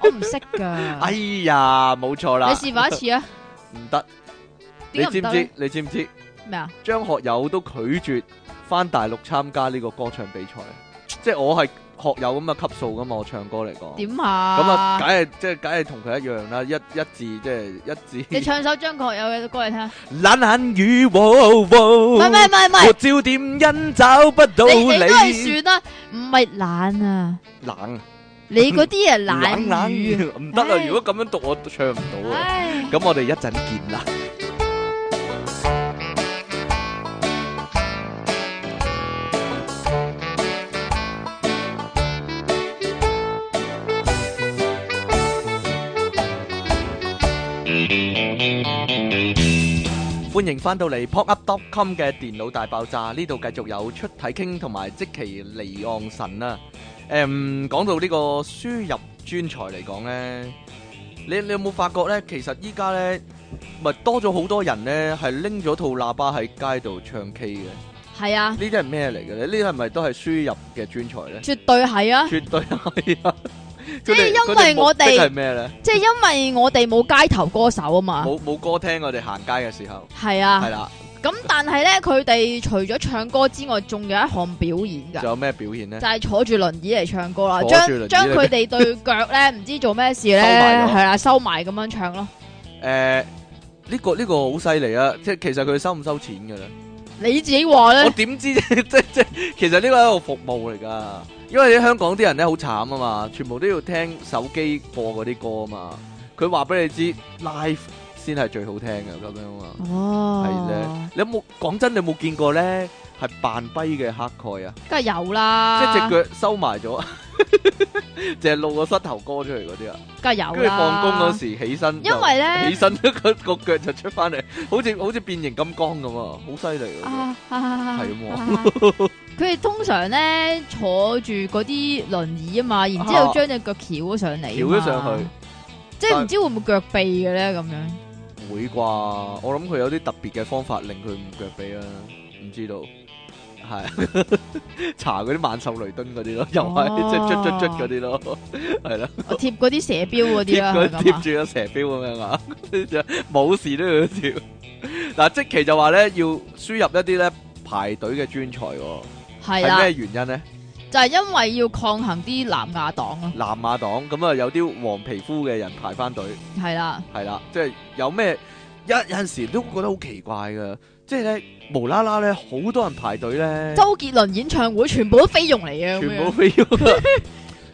我唔識噶。哎呀，冇錯啦。你示範一次啊。唔得。你知唔知？你知唔知？咩啊？張學友都拒絕。翻大陸參加呢個歌唱比賽，即係我係學友咁嘅級數噶嘛，我唱歌嚟講。點啊？咁啊，梗係即係梗係同佢一樣啦，一一字即係一字。你唱首張學友嘅歌嚟聽。懶懶雨，唔係唔係唔係。我照點因找不到你。你都係算啦，唔係懶啊。冷。你嗰啲係懶懶雨。唔得啊！如果咁樣讀，我都唱唔到啊。咁我哋一陣見啦。歡迎翻到嚟 pop up dot com 嘅電腦大爆炸，呢度繼續有出體 king 同埋積淇離岸神啊，誒、um，講到呢個輸入專才嚟講咧，你你有冇發覺咧？其實依家咧，咪多咗好多人咧，係拎咗套喇叭喺街度唱 K 嘅。係啊，呢啲係咩嚟嘅咧？呢啲係咪都係輸入嘅專才咧？絕對係啊，絕對係啊。 即係因為我哋即係咩咧？即係因為我哋冇街頭歌手啊嘛！冇冇歌聽，我哋行街嘅時候係啊，係啦。咁但係咧，佢哋除咗唱歌之外，仲有一項表演噶。仲有咩表演咧？就係坐住輪椅嚟唱歌啦，將將佢哋對腳咧，唔知做咩事咧，係啊，收埋咁樣唱咯。誒，呢個呢個好犀利啊！即係其實佢收唔收錢噶咧？你自己話咧，我點知？即即其實呢個係一個服務嚟噶。因為香港啲人咧，好慘啊嘛，全部都要聽手機播嗰啲歌啊嘛，佢話俾你知 live 先係最好聽嘅咁樣啊嘛，哦、係咧，你有冇講真你冇見過咧？係扮跛嘅乞丐啊！梗係有啦，即係， 隻腳收埋咗，淨係露個膝頭哥出嚟嗰啲啊！梗係有。跟住放工嗰時起身，因為咧，起身個個腳就出翻嚟，好似好似變形金剛咁啊，好犀利啊！係咁，佢哋通常咧坐住嗰啲輪椅啊嘛，然之後將隻腳翹咗上嚟，翹咗、啊、上去，即係唔知會唔會腳痹嘅咧？咁樣是會啩吧？我諗佢有啲特別嘅方法令佢唔腳痹啊！唔知道。係， 查嗰啲曼秀雷敦嗰啲咯，又係即係卒卒卒嗰啲咯，係 的咯。我貼嗰啲蛇標嗰啲啊，貼住咗蛇標咁樣啊，冇事都要貼。嗱， 即其就話咧要輸入一啲咧排隊嘅專才，係咩的原因咧？就係因為要抗衡啲南亞黨啊。南亞黨咁啊，有啲黃皮膚嘅人排翻隊。係啦，係啦，即係有咩一有陣時都覺得好奇怪噶。即係咧，無啦啦咧，好多人排隊咧。周杰倫演唱會全部都菲傭嚟嘅，全部菲傭，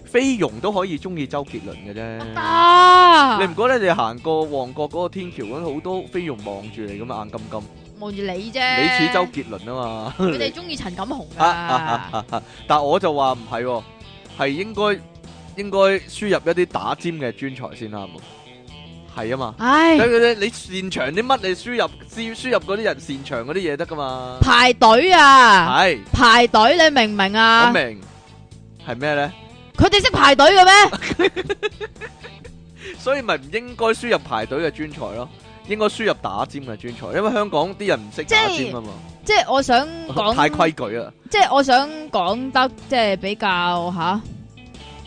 菲傭都可以中意周杰倫嘅啫。得，你唔覺得你行過旺角嗰個天橋嗰度好多菲傭望住你咁啊，眼金金望住你啫。你似周杰倫啊嘛？佢哋中意陳錦鴻啊。但係我就話唔係，係應該應該輸入一啲打尖嘅專才先啱。係啊嘛，所以咧，你擅長啲乜？你輸入輸輸入嗰啲人擅長嗰啲嘢得㗎嘛？排隊啊，係是排隊，你明唔明啊？我明，係咩咧？佢哋識排隊嘅咩？ 所以咪唔應該輸入排隊嘅專才咯，應該輸入打尖嘅專才，因為香港啲人唔識打尖啊嘛。即係我想講 太規矩啊，即係我想講得即係比較吓。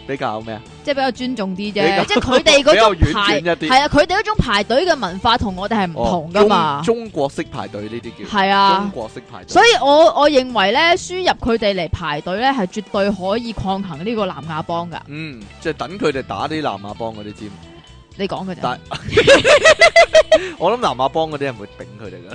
比較咩啊？即係比較尊重啲啫，即係佢哋嗰種排一啲，係啊，佢哋嗰種排隊嘅文化同我哋係唔同噶嘛。中中國式排隊呢啲叫係啊，中國式排隊。所以我我認為咧，輸入佢哋嚟排隊咧，係絕對可以抗衡呢個南亞幫噶。嗯，即係等佢哋打啲南亞幫嗰啲尖。你講佢哋？但我諗南亞幫嗰啲人會頂佢哋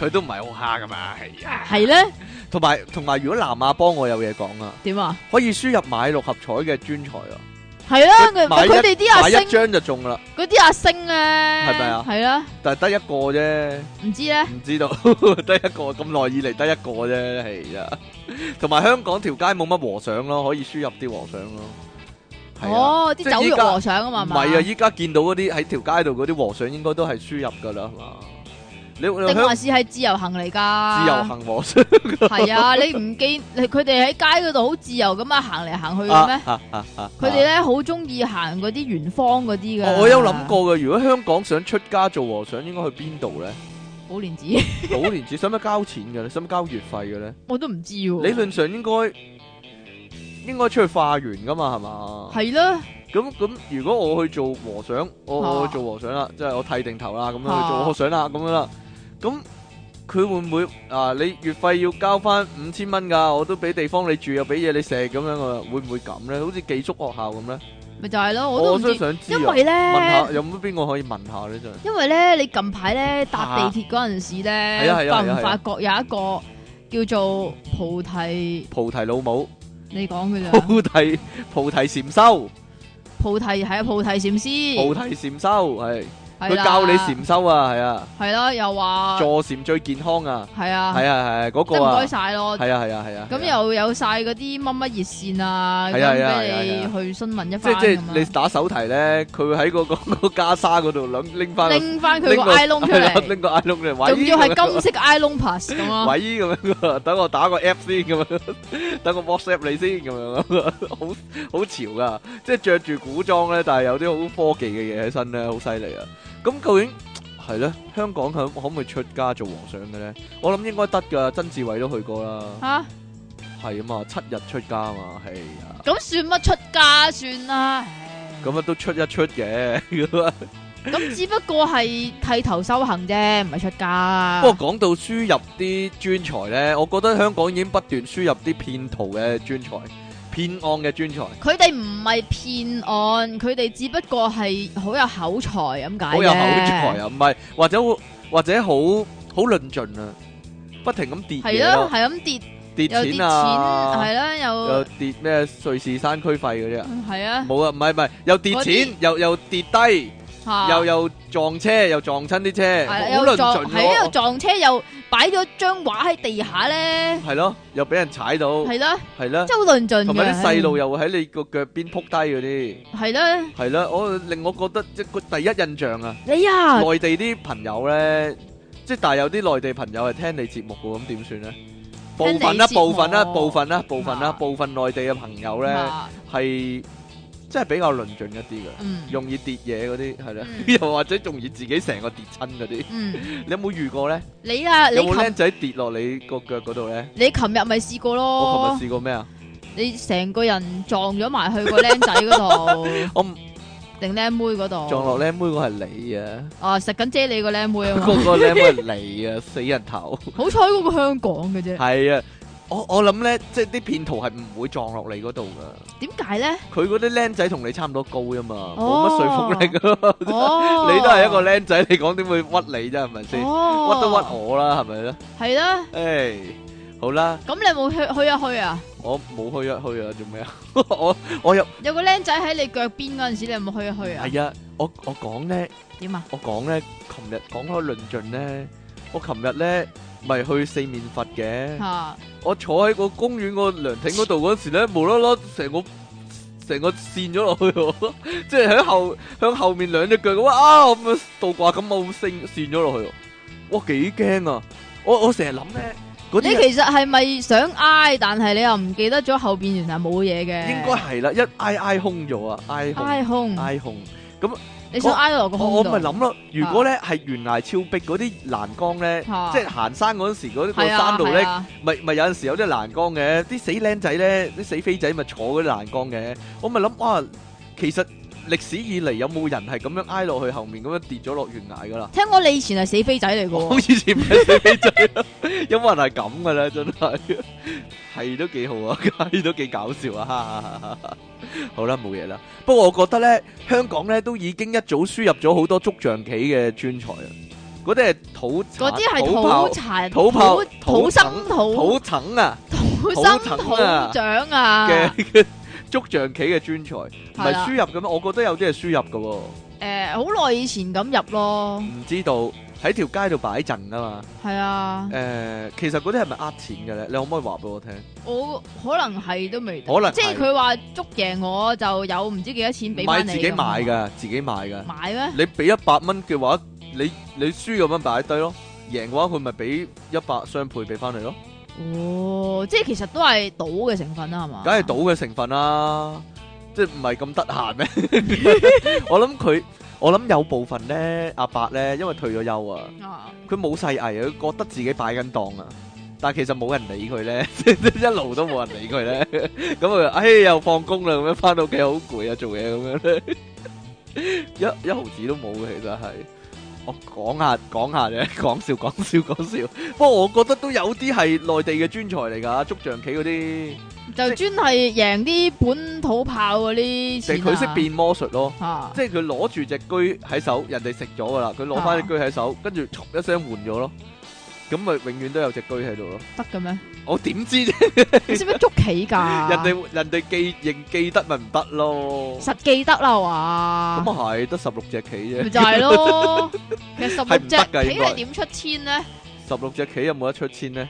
噶，佢都唔係好蝦噶嘛。係啊，係咧。同埋同埋，如果南亞幫我有嘢講啊？點啊？可以輸入買六合彩嘅專才啊？係啦，佢佢哋啲阿星，買一張就中啦。嗰啲阿星咧，係咪啊？係啦，但係得一個啫。唔知咧？唔知道，得一個咁耐以嚟，得一個啫，係啊。同埋香港條街冇乜和尚咯，可以輸入啲和尚咯。哦，啲酒肉和尚啊嘛嘛。唔係啊，依家見到嗰啲喺條街度嗰啲和尚，應該都係輸入噶啦，係嘛？定還是係自由行嚟噶？自由行和尚係啊！你唔見佢哋喺街嗰度好自由咁啊，行嚟行去嘅咩？佢哋咧好中意行嗰啲圓方嗰啲嘅。我有諗過嘅，如果香港想出家做和尚，應該去邊度咧？寶蓮寺。寶蓮寺，使唔使交錢嘅咧？使唔使交月費嘅咧？我都唔知喎。理論上應該應該出去化緣噶嘛，係嘛？係啦。咁咁，如果我去做和尚，我去做和尚啦，即係我剃定頭啦，咁樣去做和尚啦，咁樣啦。咁佢會唔會啊？你月費要交翻五千蚊噶？我都俾地方你住，又俾嘢你食，咁樣我，會唔會咁咧？好似寄宿學校咁咧？咪就係咯，我都想知。因為咧，問下有冇邊個可以問下咧就。因為咧，你近排咧搭地鐵嗰陣時咧，發唔發覺有一個叫做菩提菩提老母，你講嘅咋？菩提菩提禪修，菩提係啊，菩提禪師，菩提禪修係。佢教你禪修啊，係啊，係咯，又話坐禪最健康啊，係啊，係啊，係嗰個，唔該晒咯，係啊，係啊，係啊，咁又有晒嗰啲乜乜熱線啊，咁俾你去詢問一翻。即即係你打手提咧，佢會喺嗰個個袈裟嗰度攞拎翻，拎翻佢個 iPhone 出嚟，拎個 iPhone 出嚟。仲要係金色 iPhone Plus 咁咯。喂，咁樣，等我打個 app 先，咁樣，等我 WhatsApp 你先，咁樣，好好潮㗎，即係着住古裝咧，但係有啲好科技嘅嘢喺身咧，好犀利啊！咁究竟係咧？香港可可唔可以出家做和尚嘅咧？我諗應該得噶，曾志偉都去過啦。吓、啊，係啊嘛，七日出家啊嘛，係啊。咁算乜出家算啦？咁啊都出一出嘅，咁 只不過係剃頭修行啫，唔係出家。不過講到輸入啲專才咧，我覺得香港已經不斷輸入啲騙徒嘅專才。騙案嘅專才，佢哋唔係騙案，佢哋只不過係好有口才咁解嘅。好有口才啊，唔係或者或者好好論盡啊，不停咁跌嘅、啊。係咯、啊，係咁跌跌錢啊，係啦，又跌咩、啊啊、瑞士山區費嗰啲啊，係、嗯、啊，冇啊，唔係唔係又跌錢跌又又跌低。又又撞車，又撞親啲車，好論盡喎！喺度撞車又擺咗張畫喺地下咧，係咯，又俾人踩到，係啦，係啦，真係好論盡，同埋啲細路又會喺你個腳邊撲低嗰啲，係啦，係啦，我令我覺得即個第一印象啊！內地啲朋友咧，即係但係有啲內地朋友係聽你節目嘅，咁點算咧？部分啦，部分啦，部分啦，部分啦，部分內地嘅朋友咧係。即係比較論盡一啲嘅，容易跌嘢嗰啲，係啦，又或者容易自己成個跌親嗰啲。你有冇遇過咧？你啊，有冇僆仔跌落你個腳嗰度咧？你琴日咪試過咯？我琴日試過咩啊？你成個人撞咗埋去個僆仔嗰度，定僆妹嗰度？撞落僆妹，嗰係你啊！啊，食緊啫你個僆妹啊！個僆妹係你啊，死人頭！好彩嗰個香港嘅啫。係啊。我我諗咧，即係啲騙徒係唔會撞落你嗰度噶。點解咧？佢嗰啲僆仔同你差唔多高啊嘛，冇乜說服力噶。你都係一個僆仔，你講點會屈你啫？係咪先？屈都屈我啦，係咪咧？係啦。誒，好啦。咁你有冇去去一去啊？我冇去一去啊，做咩啊？我我有有個僆仔喺你腳邊嗰陣時，你有冇去一去啊？係啊，我我講咧點啊？我講咧，琴日講開論盡咧，我琴日咧咪去四面佛嘅。我坐喺個公園個涼亭嗰度嗰時咧，無啦啦成個成個跣咗落去，即係喺後向後面兩隻腳咁，啊咁樣倒掛咁冇聲跣咗落去，我幾驚啊！我我成日諗咧，嗰你其實係咪想挨，但係你又唔記得咗後邊原來冇嘢嘅，應該係啦，一挨挨空咗啊，挨挨空，挨空咁。你想個我我咪諗咯，如果咧係懸崖峭壁嗰啲欄杆咧，啊、即係行山嗰陣時嗰啲過山道咧，咪咪、啊啊、有陣時有啲欄杆嘅，啲死僆仔咧，啲死飛仔咪坐嗰啲欄杆嘅，我咪諗哇，其實。歷史以嚟有冇人係咁樣挨落去後面咁樣跌咗落懸崖噶啦？聽講你以前係死飛仔嚟嘅，我以前係死飛仔，有冇人係咁嘅咧？真係係都幾好啊，都幾搞笑啊！好啦，冇嘢啦。不過我覺得咧，香港咧都已經一早輸入咗好多足象棋嘅專才啊！嗰啲係土，嗰啲係土塵、土炮、土生、土生土長啊、土生土長啊。捉象棋嘅專才，唔係輸入嘅咩？我覺得有啲係輸入嘅喎。呃、好耐以前咁入咯。唔知道喺條街度擺陣啊嘛。係啊。誒、呃，其實嗰啲係咪呃錢嘅咧？你可唔可以話俾我聽？我可能係都未，可能可，可能即係佢話捉贏我就有唔知幾多錢俾翻你。買自己買㗎樣，自己買㗎。買咩嗎？你俾一百蚊嘅話，你你輸嘅蚊擺一堆咯，贏嘅話佢咪俾一百雙倍俾翻你咯。哦，即係其實都係賭嘅成分啦，係嘛？梗係賭嘅成分啦，啊，即係唔係咁得閒咩？我諗佢，我諗有部分咧，阿伯咧，因為退咗休了啊，佢冇細藝，佢覺得自己擺緊檔啊，但係其實冇人理佢咧， 一路都冇人理佢咧，咁 啊， 哎又放工啦，咁樣翻到屋企好攰啊，做嘢咁樣 一，一一毫子都冇嘅，其實係。我講、哦、下講下啫，講笑講笑講笑。講笑講笑 不過我覺得都有啲係內地嘅專才嚟噶，捉象棋嗰啲就專係贏啲本土炮嗰啲，啊。佢識變魔術咯，啊、即係佢攞住隻車喺手，人哋食咗噶啦，佢攞翻隻車喺手，跟住、啊、一聲換咗咯。咁咪永遠都有隻車喺度咯，得嘅咩？我點知啫？你識唔識捉棋噶？人哋人哋記認記得咪唔得咯？實記得啦哇！咁啊係得十六隻棋啫，就係咯。其實十六隻棋係點出千咧？十六隻棋有冇得出千咧？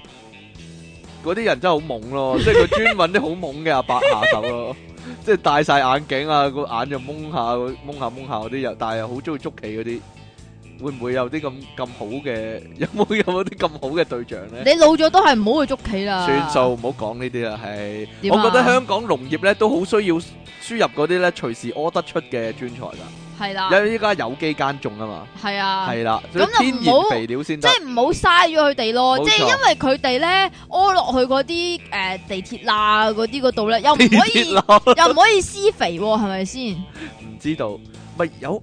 嗰啲人真係好懵咯，即係佢專揾啲好懵嘅阿伯下手咯，即係戴晒眼鏡啊，個眼就矇下矇下矇下嗰啲人，但係又好中意捉棋嗰啲。會唔會有啲咁咁好嘅？有冇有冇啲咁好嘅對象咧？你老咗都係唔好去捉棋啦。算數，唔好講呢啲啦。係，我覺得香港農業咧都好需要輸入嗰啲咧隨時屙得出嘅專才㗎。係啦，因為依家有機耕種啊嘛。係啊。係啦，咁唔好肥料先得，即係唔好嘥咗佢哋咯。即係因為佢哋咧屙落去嗰啲誒地鐵罅嗰啲嗰度咧，又唔可以又唔可以施肥喎，係咪先？唔知道，唔係有。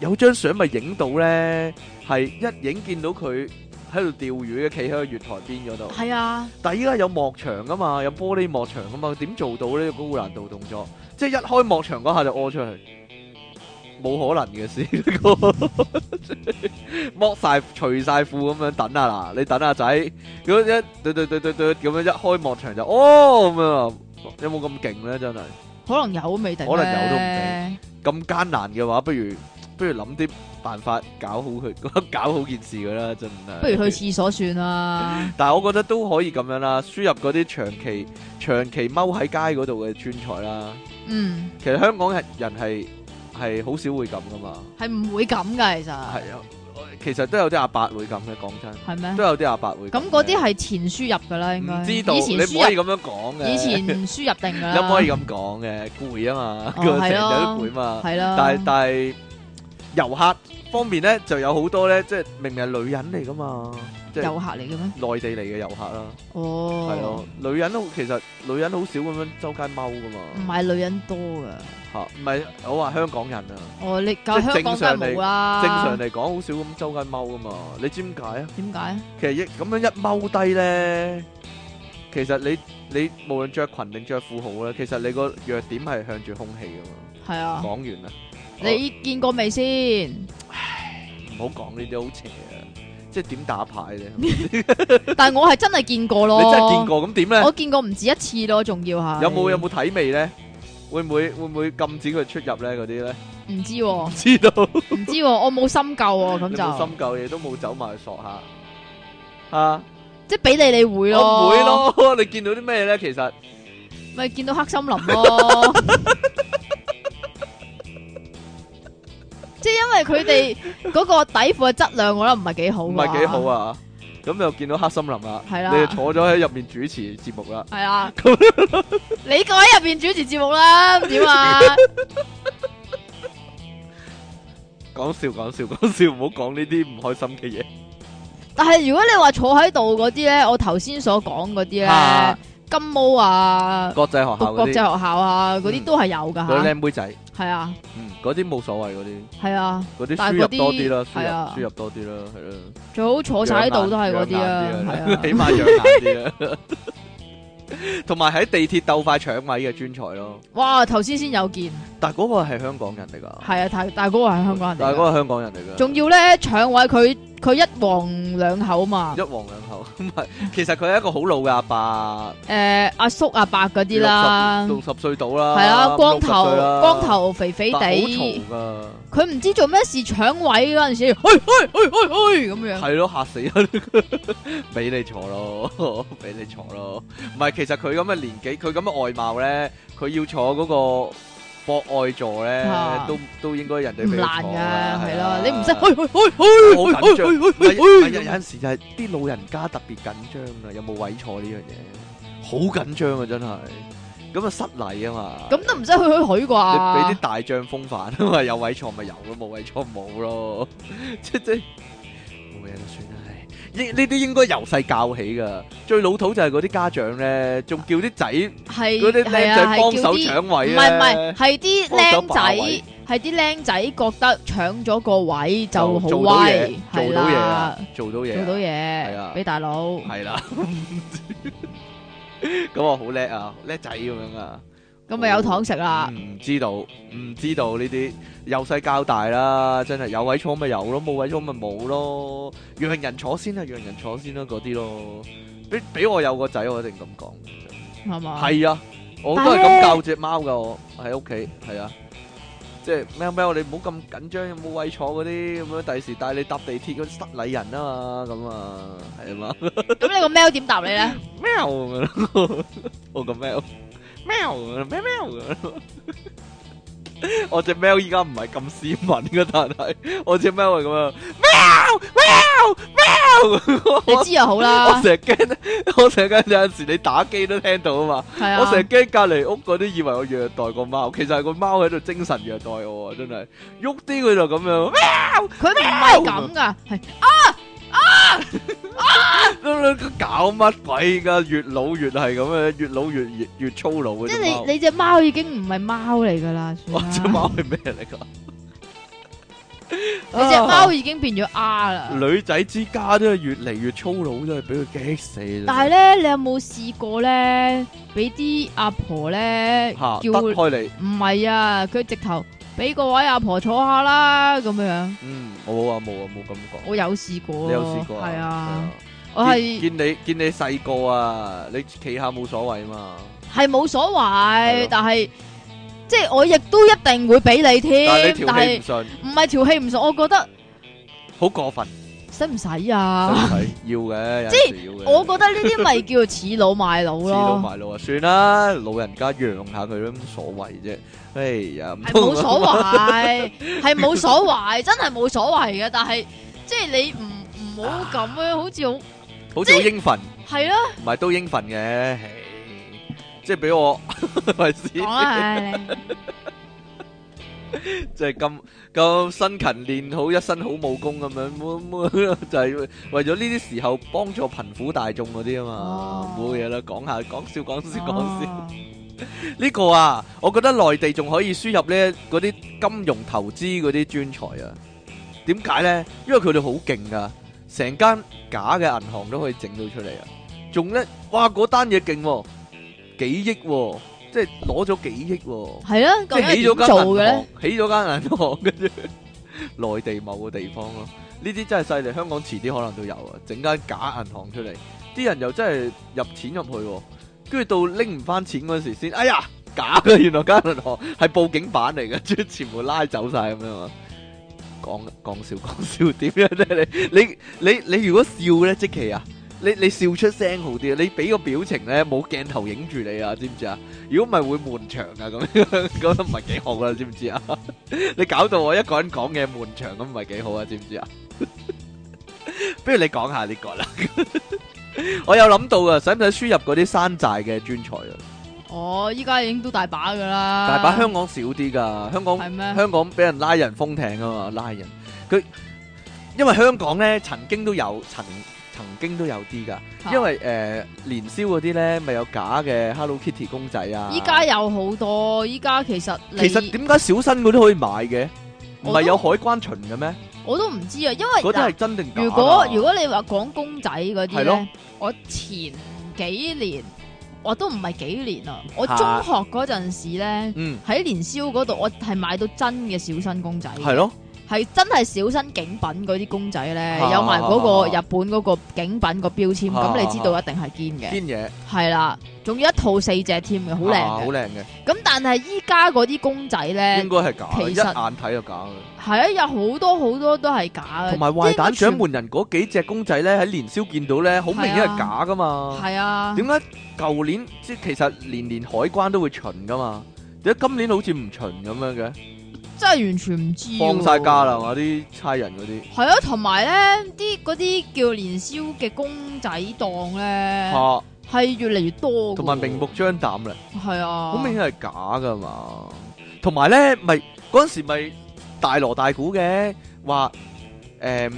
有張相咪影到咧，係一影見到佢喺度釣魚，企喺個月台邊嗰度。係啊，但係依家有幕牆噶嘛，有玻璃幕牆噶嘛，點做到呢個高難度動作？即係一開幕牆嗰下就屙出去，冇可能嘅事。剝晒除晒褲咁樣等下啦，你等下仔，如果一對對對對對咁樣一開幕牆就哦咁樣，有冇咁勁咧？真係可能有未定，可能有都唔定咧。咁艱難嘅話，不如。不如諗啲辦法搞好佢，搞好件事噶啦，真係不如去廁所算啦。但係我覺得都可以咁樣啦，輸入嗰啲長期長期踎喺街嗰度嘅專才啦。嗯，其實香港人係係好少會咁噶嘛，係唔會咁嘅，其實係啊，其實都有啲阿伯會咁嘅，講真係咩？都有啲阿伯會。咁嗰啲係前輸入㗎啦，應該。知道。以前你唔可以咁樣講嘅。以前輸入定㗎。唔可以咁講嘅，攰啊嘛，個成攰啊嘛，係咯。但係但係。遊客方面咧，就有好多咧，即係明明係女人嚟噶嘛，即係遊客嚟嘅咩？內地嚟嘅遊客啦，哦，係咯，女人都其實女人好少咁樣周街踎噶嘛。唔係女人多啊，吓，唔係我話香港人啊。哦，你搞香港都係冇啦。正常嚟講，好少咁周街踎噶嘛。你知點解啊？點解啊？其實一咁樣一踎低咧，其實你你無論着裙定着褲好咧，其實你個弱點係向住空氣噶嘛。係啊。講完啦。你見過未先？唉，唔好講呢啲好邪啊！即係點打牌咧？但係我係真係見過咯，你真係見過咁點咧？我見過唔止一次咯，仲要吓。有冇有冇睇味咧？會唔會會唔會禁止佢出入咧？嗰啲咧？唔知，知道？唔知，我冇深究喎。咁就深究嘢都冇走埋去索下，吓？即係俾你，你會咯？會咯？你見到啲咩咧？其實咪見到黑森林咯。因為佢哋嗰個底褲嘅質量，我覺得唔係幾好。唔係幾好啊！咁又見到黑森林是啦，你坐咗喺入面主持節目是啦。係啊，你個喺入面主持節目啦，點啊？講笑講笑講笑，唔好講呢啲唔開心嘅嘢。但係如果你話坐喺度嗰啲咧，我頭先所講嗰啲咧。啊金毛啊，國際學校嗰啲，國際學校啊，嗰啲都係有噶吓，靚妹仔，係啊，嗯，嗰啲冇所謂嗰啲，係啊，嗰啲輸入多啲啦，輸入多啲啦，係咯，最好坐晒喺度都係嗰啲啊，起碼養眼啲啊，同埋喺地鐵鬥快搶位嘅專才咯，哇，頭先先有見，但係嗰個係香港人嚟噶，係啊，但但係嗰個係香港人，但係嗰個香港人嚟噶，仲要咧搶位佢。佢一黃兩口嘛，一黃兩口，唔係，其實佢係一個好老嘅阿伯，誒，阿叔阿伯嗰啲啦六，六十歲到啦，係啊，光頭，光頭肥肥地、啊，重噶，佢唔知做咩事搶位嗰陣時，嘿嘿咁樣，係咯，吓死咗，俾 你坐咯， 俾你坐咯，唔係，其實佢咁嘅年紀，佢咁嘅外貌咧，佢要坐嗰、嗰個。我愛座咧，都都應該人哋唔難噶，係咯，你唔識去去去去去去去去去，有陣時就係啲老人家特別緊張啊！有冇位坐呢樣嘢？好緊張啊，真係咁啊失禮啊嘛！咁都唔使去去去啩？你俾啲大將風範啊嘛！有位坐咪有咯，冇位坐冇咯，即即冇嘢就算啦。.呢啲應該由細教起噶，最老土就係嗰啲家長咧，仲叫啲仔嗰啲靚仔幫手搶位，唔係唔係，係啲靚仔，係啲靚仔覺得搶咗個位就好威，哦，做到嘢，的做到嘢，的做到嘢，係啊的，俾的大佬，係啦是的，咁 我好叻啊，叻仔咁樣啊。咁咪有糖食啦？唔知道，唔知道呢啲由細教大啦，真係有位坐咪有咯，冇位坐咪冇咯。要係人坐先啦，讓人坐先啦，嗰啲咯。俾俾我有個仔，我一定咁講，係嘛？係啊，我都係咁教隻貓噶，喺屋企係啊，即係喵喵，你唔好咁緊張，有冇位坐嗰啲咁樣，第時帶你搭地鐵嗰啲失禮人啊嘛，咁啊，係啊嘛？咁你個喵點答你咧？喵，我個喵。貓，貓貓，我隻貓依家唔係咁斯文噶，但係我隻貓係咁樣，喵喵喵，你知又好啦。我成日驚，我成日驚有陣時你打機都聽到啊嘛。係啊。我成日驚隔籬屋嗰啲以為我虐待個貓，其實係個貓喺度精神虐待我，真係喐啲佢就咁樣。喵，佢都唔係咁噶，係啊。啊，啊搞乜鬼噶、啊？越老越係咁樣，越老越越，越粗魯。即係你貓你隻貓已經唔係貓嚟噶啦，我隻貓係咩嚟噶？你隻貓已經變咗 R 啦。女仔之家都係越嚟越粗魯，真係俾佢激死啦！但係咧，你有冇試過咧？俾啲阿婆咧叫、啊、開你？唔係啊，佢直頭。俾個位阿婆，婆坐下啦，咁樣。嗯，我冇話，冇話，冇咁講。我有試過。你有試過？係啊，我係見你見你細個啊，你企下冇所謂嘛。係冇所謂，啊、但係即係我亦都一定會俾你添。但係你條氣唔順，唔係條氣唔順，我覺得好過分。使唔使啊？唔使，要嘅，即係我覺得呢啲咪叫做恃老賣老咯。恃老賣老啊，算啦，老人家讓下佢都冇所謂啫。哎呀，冇所謂，係冇所謂，真係冇所謂嘅。但係即係你唔唔好咁樣啊，好似好，好似好應份，係咯，唔係都應份嘅，即係俾我咪先。 就係咁咁辛勤練好一身好武功咁樣，就係、是、為咗呢啲時候幫助貧苦大眾嗰啲啊嘛，冇嘢啦，講下講笑講笑講笑。呢 個啊，我覺得內地仲可以輸入呢啲金融投資嗰啲專才啊。點解呢？因為佢哋好勁噶，成間假嘅銀行都可以整到出嚟啊。仲呢，哇嗰單嘢勁，幾億喎、啊！即係攞咗幾億、哦，係啦、啊，即起咗間銀行，起咗間銀行，跟住內地某個地方咯。呢啲真係犀利，香港遲啲可能都有啊！整間假銀行出嚟，啲人又真係入錢入去、哦，跟住到拎唔翻錢嗰時先，哎呀，假嘅！原來間銀行係報警版嚟嘅，將全部拉走晒咁樣啊！講講笑講笑，點樣咧？你你你你如果笑咧，即奇啊！你你笑出聲好啲，你俾個表情咧，冇鏡頭影住你啊，知唔知啊？如果唔係會悶場啊，咁樣覺得唔係幾好啦，知唔知啊？你搞到我一個人講嘢悶場咁唔係幾好啊，知唔知啊？不如你講下呢個啦，我有諗到啊，使唔使輸入嗰啲山寨嘅專才啊？哦，依家已經都大把噶啦，大把香港少啲噶，香港香港俾人拉人封艇啊嘛，拉人佢，因為香港咧曾經都有曾。曾經都有啲噶，因為誒呃、年宵嗰啲咧咪有假嘅 Hello Kitty 公仔啊！依家有好多，依家其實其實點解小新嗰啲可以買嘅？唔係都有海關巡嘅咩？我都唔知啊，因為嗰啲係真定假？如果如果你話講公仔嗰啲咧，咯我前幾年我都唔係幾年啊。我中學嗰陣時咧，喺嗯、年宵嗰度我係買到真嘅小新公仔，係咯。係真係小新景品嗰啲公仔咧，有埋嗰個日本嗰個景品個標籤，咁你知道一定係堅嘅。堅嘢係啦，仲要一套四隻添嘅，好靚，好靚嘅。咁但係依家嗰啲公仔咧，應該係假，其實一眼睇就假嘅。係啊，有好多好多都係假嘅。同埋壞蛋獎門人嗰幾隻公仔咧，喺年宵見到咧，好明顯係假噶嘛。係啊。點解舊年即係其實年年海關都會巡噶嘛？點解今年好似唔巡咁樣嘅？真係完全唔知，放晒假啦嘛啲差人嗰啲，係啊，同埋咧啲啲叫年宵嘅公仔檔咧，係、啊、越嚟越多，同埋明目張膽咧，係 啊，好明顯係假噶嘛，同埋咧咪嗰陣時咪大鑼大鼓嘅話，誒、呃、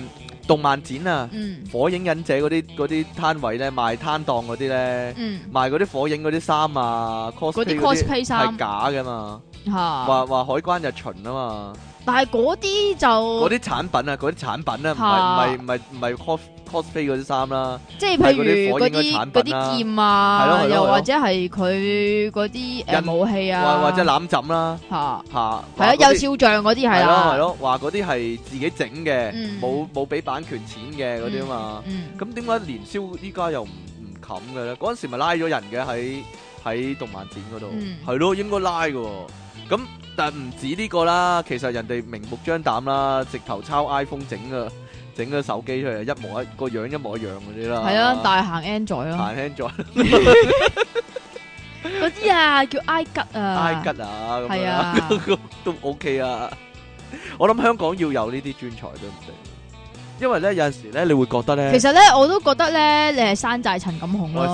動漫展啊，嗯、火影忍者嗰啲啲攤位咧賣攤檔嗰啲咧，嗯、賣嗰啲火影嗰啲衫啊，嗰啲 cosplay 衫係假噶嘛。話話海關日巡啊嘛，但係嗰啲就嗰啲產品啊，嗰啲產品啊，唔係唔係唔係唔係 cosplay 嗰啲衫啦，即係譬如嗰啲嗰啲劍啊，又或者係佢嗰啲誒武器啊，或者攬枕啦，吓吓，係啊，有肖像嗰啲係咯，係咯，話嗰啲係自己整嘅，冇冇俾版權錢嘅嗰啲吖嘛，咁點解年宵依家又唔唔冚嘅咧？嗰陣時咪拉咗人嘅喺喺動漫展嗰度，係咯，應該拉嘅。咁但係唔止呢個啦，其實人哋明目張膽啦，直頭抄 iPhone 整啊，整個手機出嚟一模一個樣一模一樣嗰啲啦。係啊，大行 Android 咯。行 Android 嗰啲啊，叫 i 吉啊，i 吉啊，係啊，都 OK 啊。我諗香港要有呢啲專才都唔定，因為咧有陣時咧你會覺得咧，其實咧我都覺得咧你係山寨陳錦鴻咯，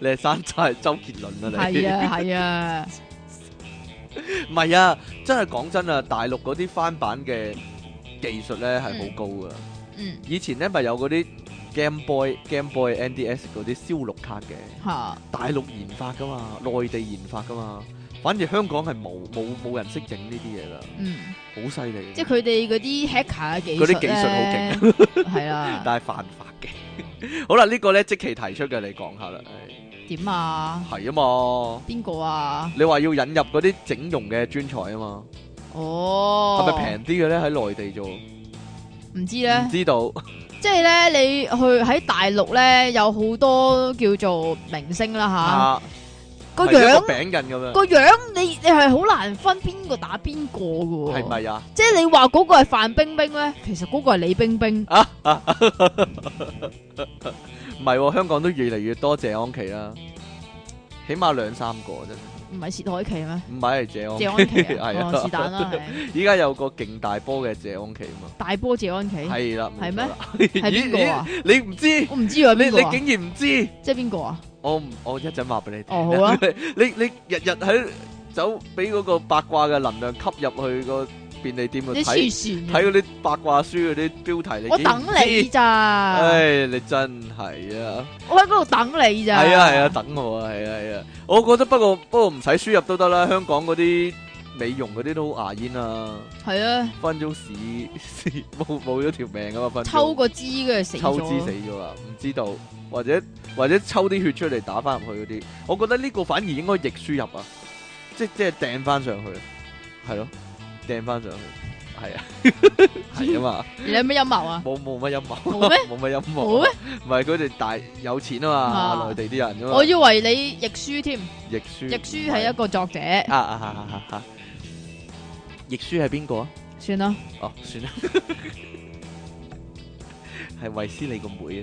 你係山寨周杰倫啊，你係啊係啊。唔係 啊，真係講真啊，大陸嗰啲翻版嘅技術咧係好高噶。嗯，嗯以前咧咪有嗰啲 Game Boy、Game Boy NDS 嗰啲燒錄卡嘅。吓哈，大陸研發噶嘛，內、嗯、地研發噶嘛。反而香港係冇冇冇人識整呢啲嘢啦。嗯，好犀利。即係佢哋嗰啲黑客嘅技術啲技術好勁，係 啦了。 但係犯法嘅。 好啦，這個、呢個咧積淇提出嘅，你講下啦。點啊？係啊嘛？邊個啊？你話要引入嗰啲整容嘅專才啊嘛？哦，係咪平啲嘅咧？喺內地做唔知咧？唔知道，即係咧，你去喺大陸咧有好多叫做明星啦吓，個樣餅緊咁樣，個樣你你係好難分邊個打邊個噶？係咪啊？即係你話嗰個係范冰冰咧，其實嗰個係李冰冰啊。唔係，香港都越嚟越多謝安琪啦，起碼兩三個啫。唔係薛凱琪咩？唔係謝安謝安琪係啊，是但啦。依家有個勁大波嘅謝安琪啊嘛，大波謝安琪係啦。係咩？係邊個啊？你唔知？我唔知啊。你，你竟然唔知？即係邊個啊？我我一陣話俾你聽。哦，好啊。你，你日日喺走俾嗰個八卦嘅能量吸入去個便利店去睇睇嗰啲八卦書嗰啲標題，你我等你咋？唉，你真係啊！我喺嗰度等你咋？係啊係啊，等我啊，係啊係啊。我覺得不過不過唔使輸入都得啦。香港嗰啲美容嗰啲都好牙煙啊。係啊，分鐘屎，冇冇咗條命噶嘛？分抽個支嘅死，抽支死咗啦，唔知道或者或者抽啲血出嚟打翻入去嗰啲，我覺得呢個反而應該逆輸入啊，即即係掟翻上去，係咯、啊。掟翻上去，係啊，係 啊嘛。你有咩陰謀啊？冇冇乜陰謀？冇咩、啊？冇乜陰謀？冇咩？唔係佢哋大有錢啊嘛，內地啲人啊嘛。我以為你亦舒添。亦舒亦舒係一個作者。啊啊啊啊啊！亦舒係邊個？啊啊啊啊啊、算啦了。哦，算啦。係 衛斯理個妹啊！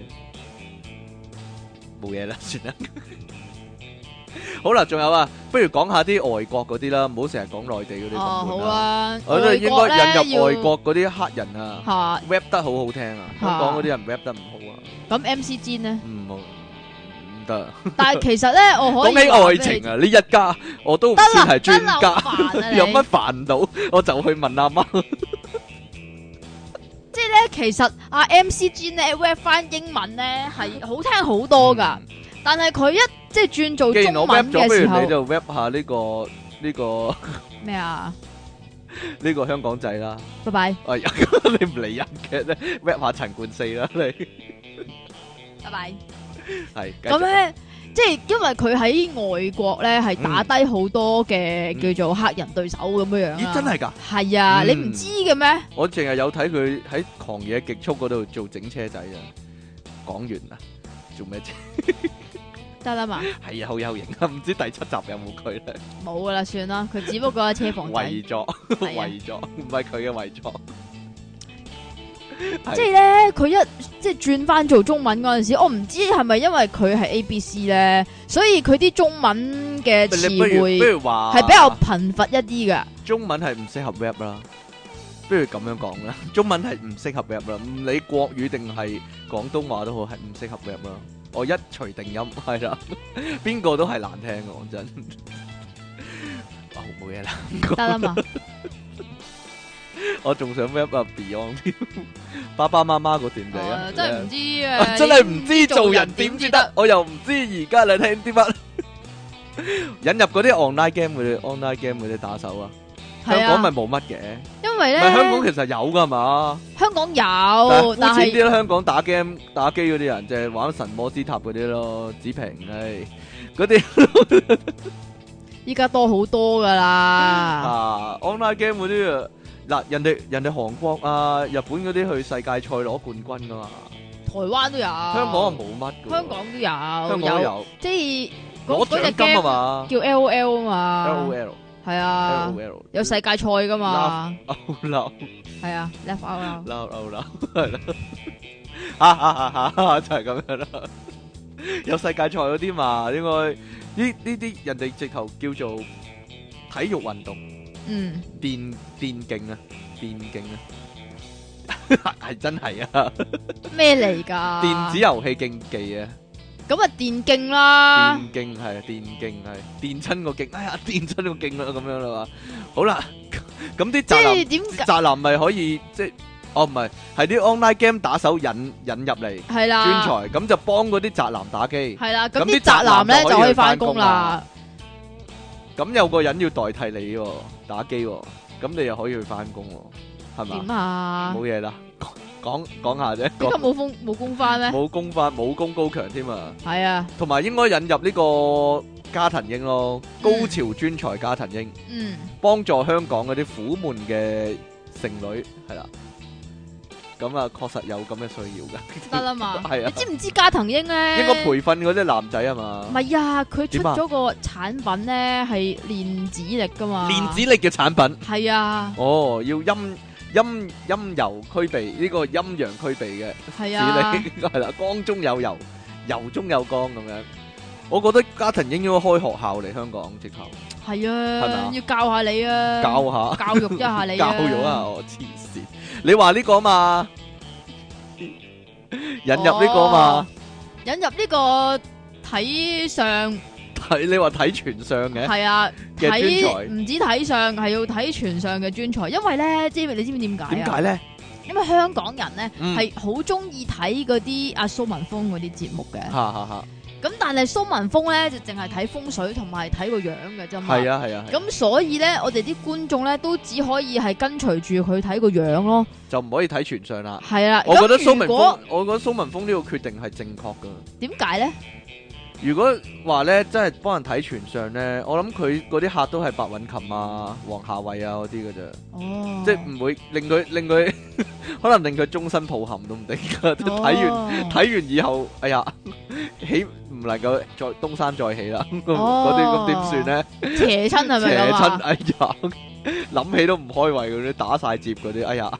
冇嘢啦，算啦。 好啦，仲有啊，不如講下啲外國嗰啲啦，唔好成日講內地嗰啲。哦，好啊，我都應該引入外國嗰啲黑人啊，rap 得好好聽啊，香港嗰啲人 rap 得唔好啊。咁 MCG 呢？唔好，唔得。但係其實咧，我可以講起愛情啊，呢一家我都先係專家，有乜煩惱我就去問阿媽。即係咧，其實阿 MCG 咧 rap 翻英文咧係好聽好多噶。但係佢一即係轉做中文嘅時候，你就 rap 下呢個呢個咩啊？呢個香港仔啦，拜拜。你唔理人嘅咧，rap 下陳冠希啦，你拜拜。係咁咧，即係因為佢喺外國咧，係打低好多嘅叫做黑人對手咁樣樣。咦，真係噶？係啊，你唔知嘅咩？我淨係有睇佢喺狂野極速嗰度做整車仔啊！講完啊，做咩車？得啦嘛，係啊，好、哎、有型啊！唔知第七集有冇佢咧？冇噶啦，算啦。佢只不過係車房仔。遺咗 著，遺作 著，唔係佢嘅遺咗。即係咧，佢一即係轉翻做中文嗰陣時，我唔知係咪因為佢係 A B C 咧，所以佢啲中文嘅詞彙係比較貧乏一啲噶。中文係唔適合 rap 啦。不如咁樣講啦，中文係唔適合 rap 啦，唔理國語定係廣東話都好，係唔適合 rap 啦。我一錘定音，係啦，邊個都係難聽嘅，講真，我冇嘢難。得啦嘛，我仲想 rap 阿 Beyond，爸爸媽媽嗰段地啊，真係唔知啊，真係唔知做人點至得，我又唔知而家你聽啲乜，引入嗰啲 online game 嘅 online game 嘅打手啊。香港咪冇乜嘅，因為咧，香港其實有噶係嘛？香港有，但係啲香港打 game 打機嗰啲人，即係玩神魔之塔嗰啲咯。子平，唉，嗰啲依家多好多噶啦。啊，online game 嗰啲，嗱，人哋人哋韓國啊、日本嗰啲去世界賽攞冠軍噶嘛？台灣都有，香港冇乜，香港都有，香港有，有，即係攞獎金啊嘛，叫 L O L 啊嘛，L O L。係 啊，有世界賽噶嘛？係啊，left out 係啦，吓吓吓就係咁這樣啦。 有世界賽嗰啲嘛？應該呢呢啲人哋直頭叫做體育運動，嗯，電電競啊，電競啊，係 真係的啊 ，咩嚟噶？電子遊戲競技啊！咁啊，電競啦！電競係，電競係，電親個勁，哎呀，電親個勁啦，咁樣啦嘛。好啦，咁啲宅男，宅男咪可以即係，哦唔係，係啲 online game 打手引引入嚟，係啦，專才，咁就幫嗰啲宅男打機，係啦，咁啲宅男咧就可以翻工啦。咁有個人要代替你喎，打機喎，咁你又可以去翻工，係咪？冇嘢啦。講講下啫，點解冇功冇功翻咧？冇功翻，武功高強添啊！係啊，同埋應該引入呢個加藤鷹咯，高潮專才加藤鷹，嗯，幫助香港嗰啲苦悶嘅剩女係啦，咁啊確實有咁嘅需要噶，得啦嘛，係啊，你知唔知加藤鷹咧？應該培訓嗰啲男仔啊嘛，唔係啊，佢出咗個產品咧，係練指力噶嘛，練指力嘅產品，係啊，哦，要音。陰陰柔俱備，呢個陰陽俱備嘅治理係啦，光中有柔，柔中有光咁樣。我覺得家庭應該開學校嚟香港直頭。係啊，要教下你啊，教下，教育一下你，教育下我黐線。你話呢個嘛，引入呢個嘛，引入呢個體上。你話睇全相嘅，係啊，睇唔 專才 止睇相，係要睇全相嘅專才，因為咧，知唔你知唔知點解啊？點解咧？因為香港人咧係好中意睇嗰啲阿蘇文峰嗰啲節目嘅，咁、啊啊啊、但係蘇文峰咧就淨係睇風水同埋睇個樣嘅啫嘛。係啊係啊。咁、啊啊啊、所以咧，我哋啲觀眾咧都只可以係跟隨住佢睇個樣咯，就唔可以睇全相啦。係啊，我覺得蘇文峰，如果 我覺得蘇文峰呢個決定係正確噶。點解咧？如果話咧，真係幫人睇全相咧，我諗佢嗰啲客都係白韻琴啊、黃夏蕙啊嗰啲嘅啫，oh. 即係唔會令佢令佢，可能令佢終身抱憾都唔定。睇完睇、oh. 完以後，哎呀，起唔能夠再東山再起啦！嗰啲咁點算咧？邪親係咪啊？邪親，哎呀，諗起都唔開胃嗰啲，打晒折嗰啲，哎呀，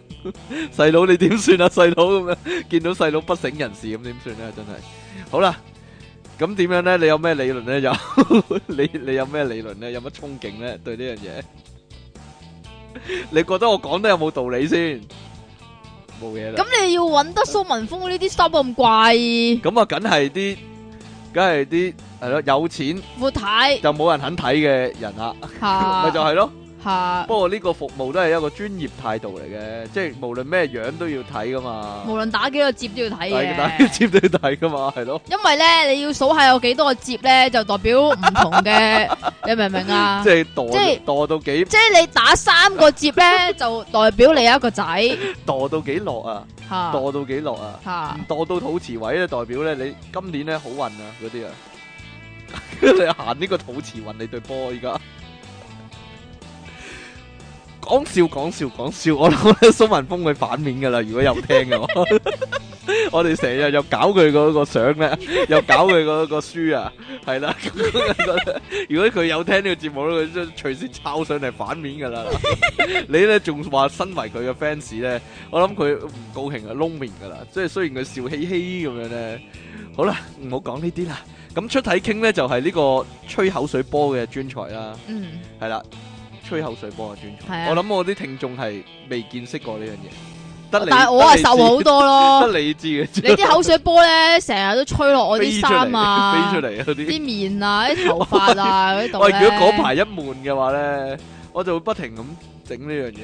細佬你點算啊？細佬咁啊，見到細佬不省人事咁點算咧？真係好啦。咁點樣咧？你有咩理論咧？有你你有咩理論咧？有乜憧憬咧？對呢樣嘢，你覺得我講得有冇道理先？冇嘢啦。咁你要搵得蘇文峰呢啲 stub 咁貴，咁啊，梗係啲，梗係啲，係咯，有錢，冇睇，就冇人肯睇嘅人啊，咪就係咯。吓！哈不過呢個服務都係一個專業態度嚟嘅，即係無論咩樣都要睇噶嘛。無論打幾個折都要睇嘅，打幾個折都要睇噶嘛，係咯。因為咧，你要數下有幾多個折咧，就代表唔同嘅， 你明唔明啊？即係是墮， 即係墮到幾？即係你打三個折咧， 就代表你有一個仔。墮 到幾落啊？吓！墮到幾落啊？吓！墮到肚臍位咧，代表咧你今年咧好運啊！嗰啲啊，你行呢個肚臍運，你對波而家。講笑講笑講笑，我諗蘇文峰會反面噶啦。如果有聽嘅話， 我哋成日又搞佢嗰個相咧， 又搞佢嗰個書啊，係啦。如果佢有聽呢個節目，佢隨時抄上嚟反面噶啦。 你咧仲話身為佢嘅 fans 咧，我諗佢唔高興啊，long 面噶啦。即係雖然佢笑嘻嘻咁樣咧，好啦，唔好講呢啲啦。咁出體 king 咧就係、是、呢個吹口水波嘅專才啦。嗯，係啦。吹口水波重啊！專才，我諗我啲聽眾係未見識過呢樣嘢，啊、得理但係我啊瘦好多咯。 得你知嘅，你啲口水波咧，成日都吹落我啲衫啊飛，飛出嚟嗰啲，啲面啊，啲頭髮啊喂， 說如果嗰排一悶嘅話咧，我就會不停咁整呢樣嘢。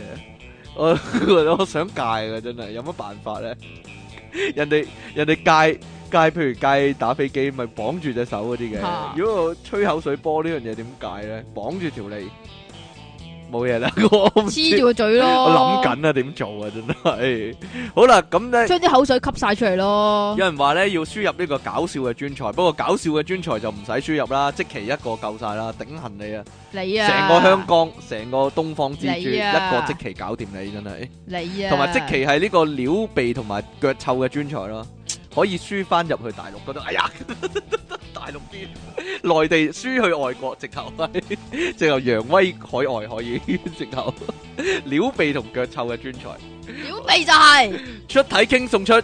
我 我想戒啊，真係有乜辦法咧？ 人哋人哋戒戒，譬如戒打飛機，咪綁住隻手嗰啲嘅。啊、如果我吹口水波呢樣嘢，點戒咧？綁住條脷。冇嘢啦，我黐住個嘴咯，我諗緊啊，點做啊？真係好啦。咁咧，將啲口水吸晒出嚟咯。有人話咧，要輸入呢個搞笑嘅專才，不過搞笑嘅專才就唔使輸入啦，積淇一個夠晒啦，頂恨你啊，你啊，成個香港，成個東方之珠，一個積淇搞掂你，真係，你啊，同埋積淇係呢個撩鼻同埋腳臭嘅專才咯。可以輸翻入去大陸，嗰度哎呀，大陸邊內地輸去外國，直頭係直頭揚威海外可以，直頭撩鼻同腳臭嘅專才，撩鼻就係出體 King 送出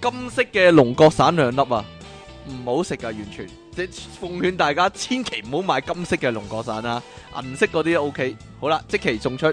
金色嘅龍角散兩粒啊！唔好食啊，完全，即奉勸大家千祈唔好買金色嘅龍角散啊，銀色嗰啲 OK。好啦，即期送出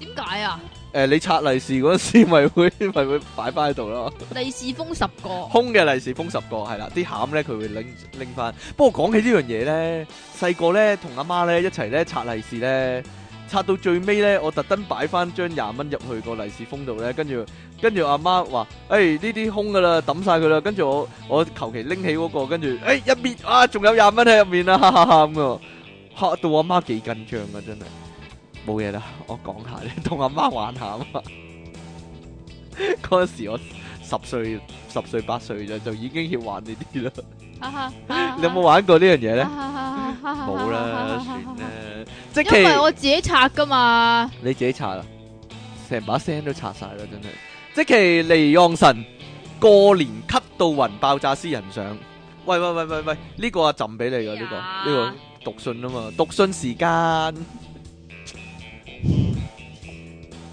點解啊？誒、呃、你拆利是嗰陣時，咪會咪會擺翻喺度咯？利是封十個，空嘅利是封十個，係啦，啲餡咧佢會拎拎翻。不過講起，起呢樣嘢咧，細個咧同阿媽咧一齊咧拆利是咧，拆到最尾咧，我特登擺翻張廿蚊入去個利是封度咧，跟住跟住阿媽話：誒呢啲空㗎啦，抌晒佢啦。跟住我我求其拎起嗰、那個，跟住誒入面，啊，仲有廿蚊喺入面哈哈，啊，嚇到阿媽幾緊張啊，真係！冇嘢啦，我講下，你同阿媽玩下啊嘛。嗰陣時我十歲、十歲、八歲就就已經要玩呢啲啦。你有冇玩過呢樣嘢咧？冇啦，算啦。即係因為我自己拆噶嘛。你自己拆啦，成把聲都拆晒啦，真係。積淇離岸神過年吸到暈，爆炸私人相。喂喂喂喂喂，呢個阿朕俾你嘅呢個呢個讀信啊嘛，讀信時間。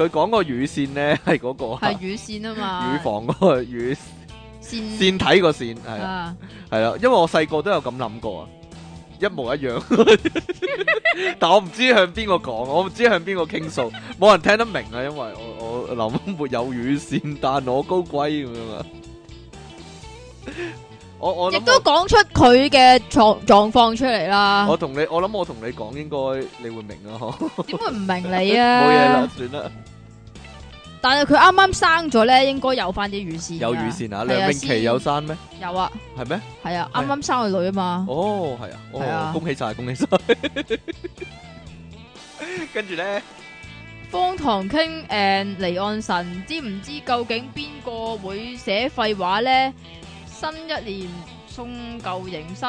佢講個乳腺咧，係嗰個係乳腺啊嘛，乳房嗰個乳腺，腺線體個腺係啊，係啊！因為我細個都有咁諗過啊，一模一樣， 但我唔知向邊個講，我唔知向邊個傾訴，冇 人聽得明啊，因為我我林沒有乳腺，但我高貴咁啊，我我亦都講出佢嘅狀狀況出嚟啦，我同你我諗我同你講，應該你會明啊，點會唔明你啊？冇嘢啦，算啦。算但係佢啱啱生咗咧，應該有返啲乳腺。有乳腺啊？梁詠琪、啊、有生咩？有啊，係咩嗎？係啊，啱啱生個女啊嘛。哦，係啊，哦，啊、恭喜晒，恭喜晒。 跟住咧呢，方唐 King and，離岸神，知唔知究竟邊個會寫廢話咧？新一年送舊迎新。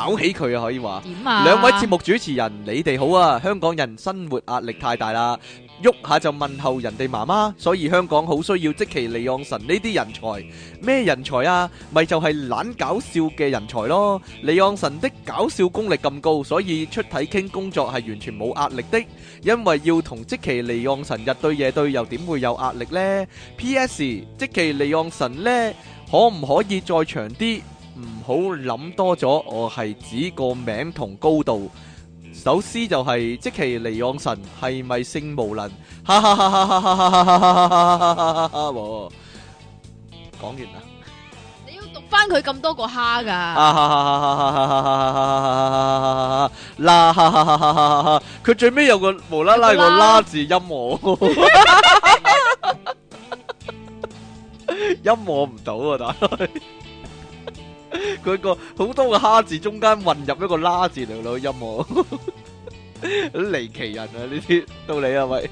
搞起佢啊，可以話。兩位節目主持人，你哋好啊！香港人生活壓力太大啦，喐下就問候人哋媽媽，所以香港好需要積淇離岸神呢啲人才。咩人才啊？咪就係懶搞笑嘅人才咯。離岸神的搞笑功力咁高，所以出體 king 工作係完全冇壓力的，因為要同積淇離岸神日對夜對，又點會有壓力呢？P.S. 積淇離岸神呢，可唔可以再長啲？唔好諗多咗，我係指個名同高度。首詩就係積淇離岸神係咪性無能？哈哈哈哈哈哈哈哈哈哈哈哈哈哈哈哈，講完啦。你要讀翻佢咁多個蝦噶？哈哈哈！哈哈！哈哈！哈哈！哈哈！哈哈！拉！哈哈！哈哈！哈哈！佢最尾有個無啦啦個拉字音我，音我唔到啊，大概。佢個好多個蝦字中間混入一個啦字嚟做音樂，好離奇人啊！呢啲道理啊，咪？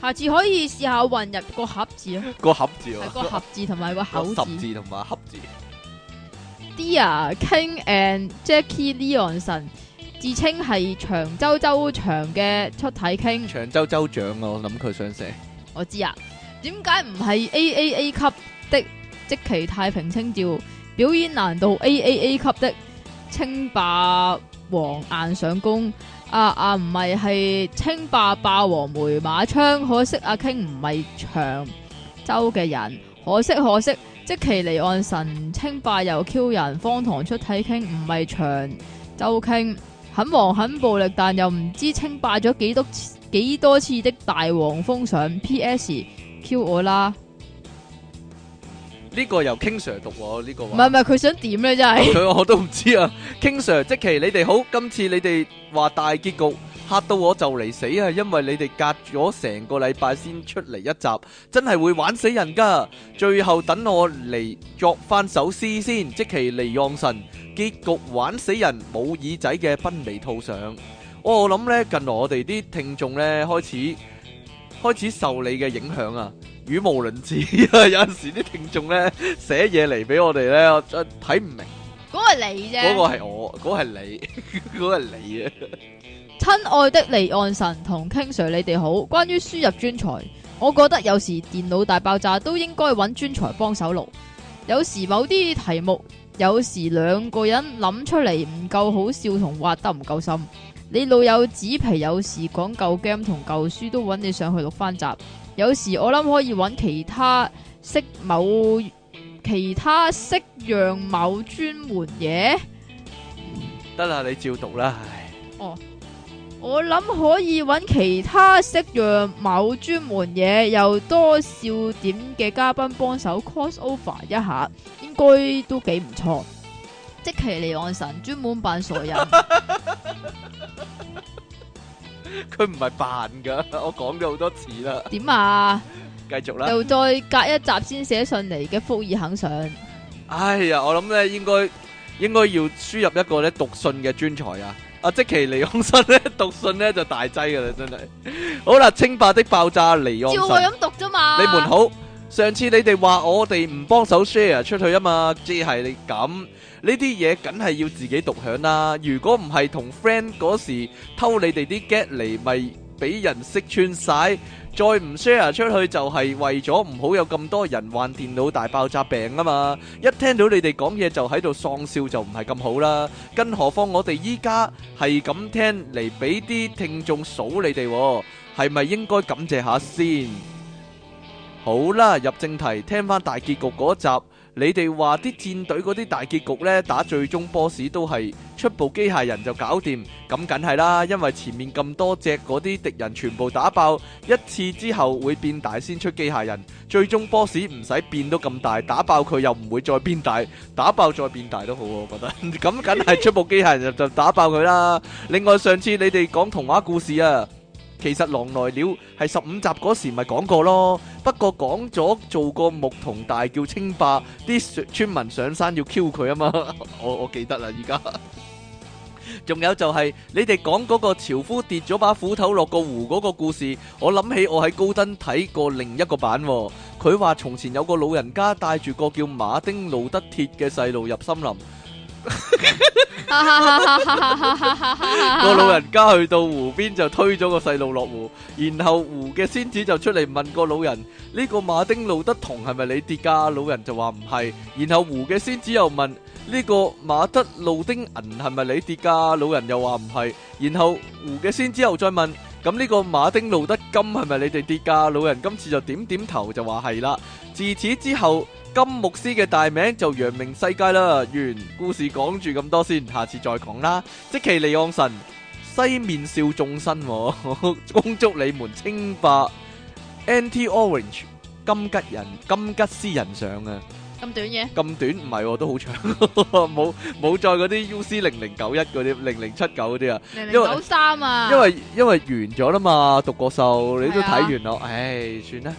下次可以試下混入個合字啊！個合字啊，個合字同埋個口字，十字同埋合字。字字 Dear King and Jackie Leonson 自稱係長，長洲洲長嘅出體傾，長洲州長我諗佢想寫我知啊，點解唔係 A A A 級的即其太平清照？表演難度 A A A 級的稱霸王硬上弓，啊啊唔係係稱霸霸王梅馬槍，可惜阿 King 唔係長洲嘅人，可惜可惜，積淇離岸神稱霸又 Q 人，荒唐出體 King 唔係長洲 King，很黃很暴力，但又唔知稱霸咗幾多次幾多次的大黃蜂上 P S Q 我啦。呢個由 King Sir 讀喎，呢個話唔係唔係佢想點咧真係佢我都唔知啊，King Sir，積淇你哋好，今次你哋話大結局嚇到我就嚟死啊，因為你哋隔咗成個禮拜先出嚟一集，真係會玩死人噶。最後等我嚟作翻首詩先，積淇離岸神結局玩死人，冇耳仔嘅奔離套上。我諗咧近來我哋啲聽眾咧開始開始受你嘅影響啊！語無倫次，有陣時啲聽眾咧寫嘢嚟俾我哋呢，我睇唔明。嗰個係你啫，嗰個係我，嗰個係你，嗰個係你啊！親愛的離岸神同 King Sir 你哋好。關於輸入專才，我覺得有時電腦大爆炸都應該揾專才幫手錄。有時某啲題目，有時兩個人諗出嚟唔夠好笑同挖得唔夠深。你老友紙皮有時講舊 game 同舊書都揾你上去錄翻集。有時我諗可以揾其他識某其他識樣某專門嘢，得啦你照讀啦。哦，oh, 我諗可以揾其他識樣某專門嘢，又多笑點嘅嘉賓幫手 crossover 一下，應該都幾唔錯。積淇離岸神專門扮傻人。 佢唔係扮噶，我講咗好多次啦。點啊？繼續啦，又再隔一集先寫信嚟嘅福爾肯上。哎呀，我諗咧應該應該要輸入一個咧讀信嘅專才啊！阿、啊、積淇離岸神咧讀信咧就大劑噶啦，真係。 好啦，清白的爆炸離岸神。叫我咁讀啫嘛？你們好，上次你哋話我哋唔幫手 share 出去啊嘛？即係你咁。呢啲嘢梗係要自己獨享啦！如果唔係同 friend 嗰時偷你哋啲 get 嚟，咪俾人識穿晒，再唔 share 出去就係為咗唔好有咁多人患電腦大爆炸病啊嘛！一聽到你哋講嘢就喺度喪笑就唔係咁好啦。更何況我哋依家係咁聽嚟俾啲聽眾數你哋，啊，係咪應該感謝下先？好啦，入正題，聽翻大結局嗰集。你哋話啲戰隊嗰啲大結局呢，打最終 boss 都係出部機械人就搞掂。咁梗係啦，因為前面咁多隻嗰啲敵人全部打爆一次之後會變大先出機械人，最終 boss 唔使變到咁大，打爆佢又唔會再變大，打爆再變大都好，我覺得咁梗係出部機械人就就打爆佢啦。 另外上次你哋講童話故事啊。其實狼來了係十五集嗰時咪講過咯，不過講咗做個牧童大叫清白，啲村民上山要 Q 佢啊嘛， 我我記得啦，而家。仲有就係、是、你哋講嗰個樵夫跌咗把斧頭落個湖嗰個故事，我諗起我喺高登睇過另一個版、哦，佢話從前有個老人家帶住個叫馬丁路德鐵嘅細路入森林。哈哈哈！個老人家去到湖邊就推咗個細路落湖，然後湖嘅仙子就出嚟問個老人：呢、呢個馬丁路德銅係咪你跌噶？老人就話唔係。然後湖嘅仙子又問：呢個馬德路丁銀係咪你跌噶？老人又話唔係。然後湖嘅仙子又再問：咁、呢、呢個馬丁路德金係咪你哋跌噶？老人今次就點點頭就話係啦。自此之後。金牧師嘅大名就揚名世界啦，完故事講住咁多先，下次再講啦。積淇離岸神西面笑眾生，我恭祝你們清白。Anti Orange 金吉人金吉斯人上啊，咁短嘢？咁短唔係，都好長，冇冇在嗰啲 UC 零零九一嗰啲零零七九嗰啲啊，零零九三啊，因為因為完咗啦嘛，獨角獸你都睇完咯，唉，算啦，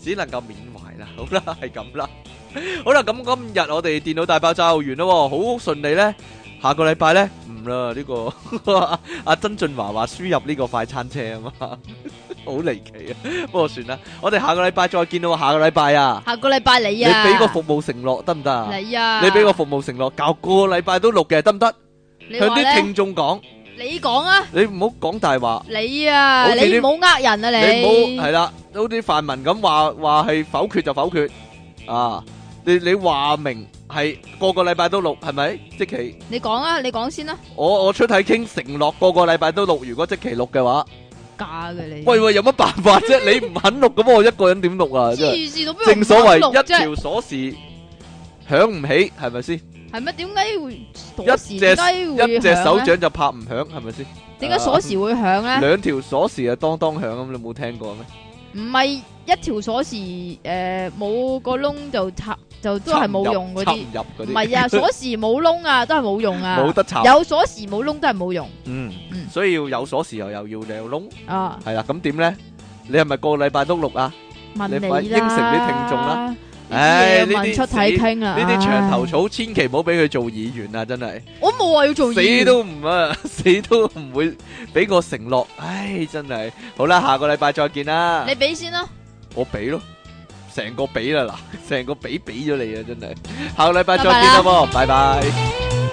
只能夠緬懷。好啦，係咁啦， 好啦，咁、嗯、今日我哋電腦大爆炸完啦，好順利咧。下個禮拜咧唔啦呢、呢個，阿、 啊、曾俊華話輸入呢個快餐車啊嘛， 好離奇啊。不過算啦，我哋下個禮拜再見到，下個禮拜啊，下個禮拜你啊，你俾個服務承諾得唔得啊？你啊，你俾個服務承諾，搞個禮拜都錄嘅得唔得？行行你向啲聽眾講。你講啊！你唔好講大話。你啊，你唔好呃人啊！你，你唔好係啦，好似泛民咁話話係否決就否決啊！你你話明係個個禮拜都錄係咪？即期？你講啊！你講先啦。我我出體 king 承諾，個個禮拜都錄。如果即期錄嘅話，假嘅你。喂喂，有乜辦法啫？你唔肯錄咁，我一個人點錄啊？正所謂一條鎖匙響唔起，係咪先？係咩？點解會一隻雞一隻手掌就拍唔響？係咪先？點解鎖匙會響咧？兩條鎖匙啊，當當響咁，你冇聽過咩？唔係一條鎖匙誒，冇個窿就插就都係冇用嗰啲。唔係啊，鎖匙冇窿啊，都係冇用啊。冇得插。有鎖匙冇窿都係冇用。嗯嗯，所以要有鎖匙又又要有窿。啊，係啦，咁點咧？你係咪個禮拜六都錄啊？問你應承啲聽眾啦。唉，呢啲出體 King 啊，呢啲牆頭草，千祈唔好俾佢做議員啊！真係，我冇話要做議員，死都唔啊，死都唔會俾個承諾。唉，真係，好啦，下個禮拜再見啦。你俾先啦，我俾咯，成個俾啦，嗱，成個俾俾咗你啊，真係。下個禮拜再見啦，噃，拜拜。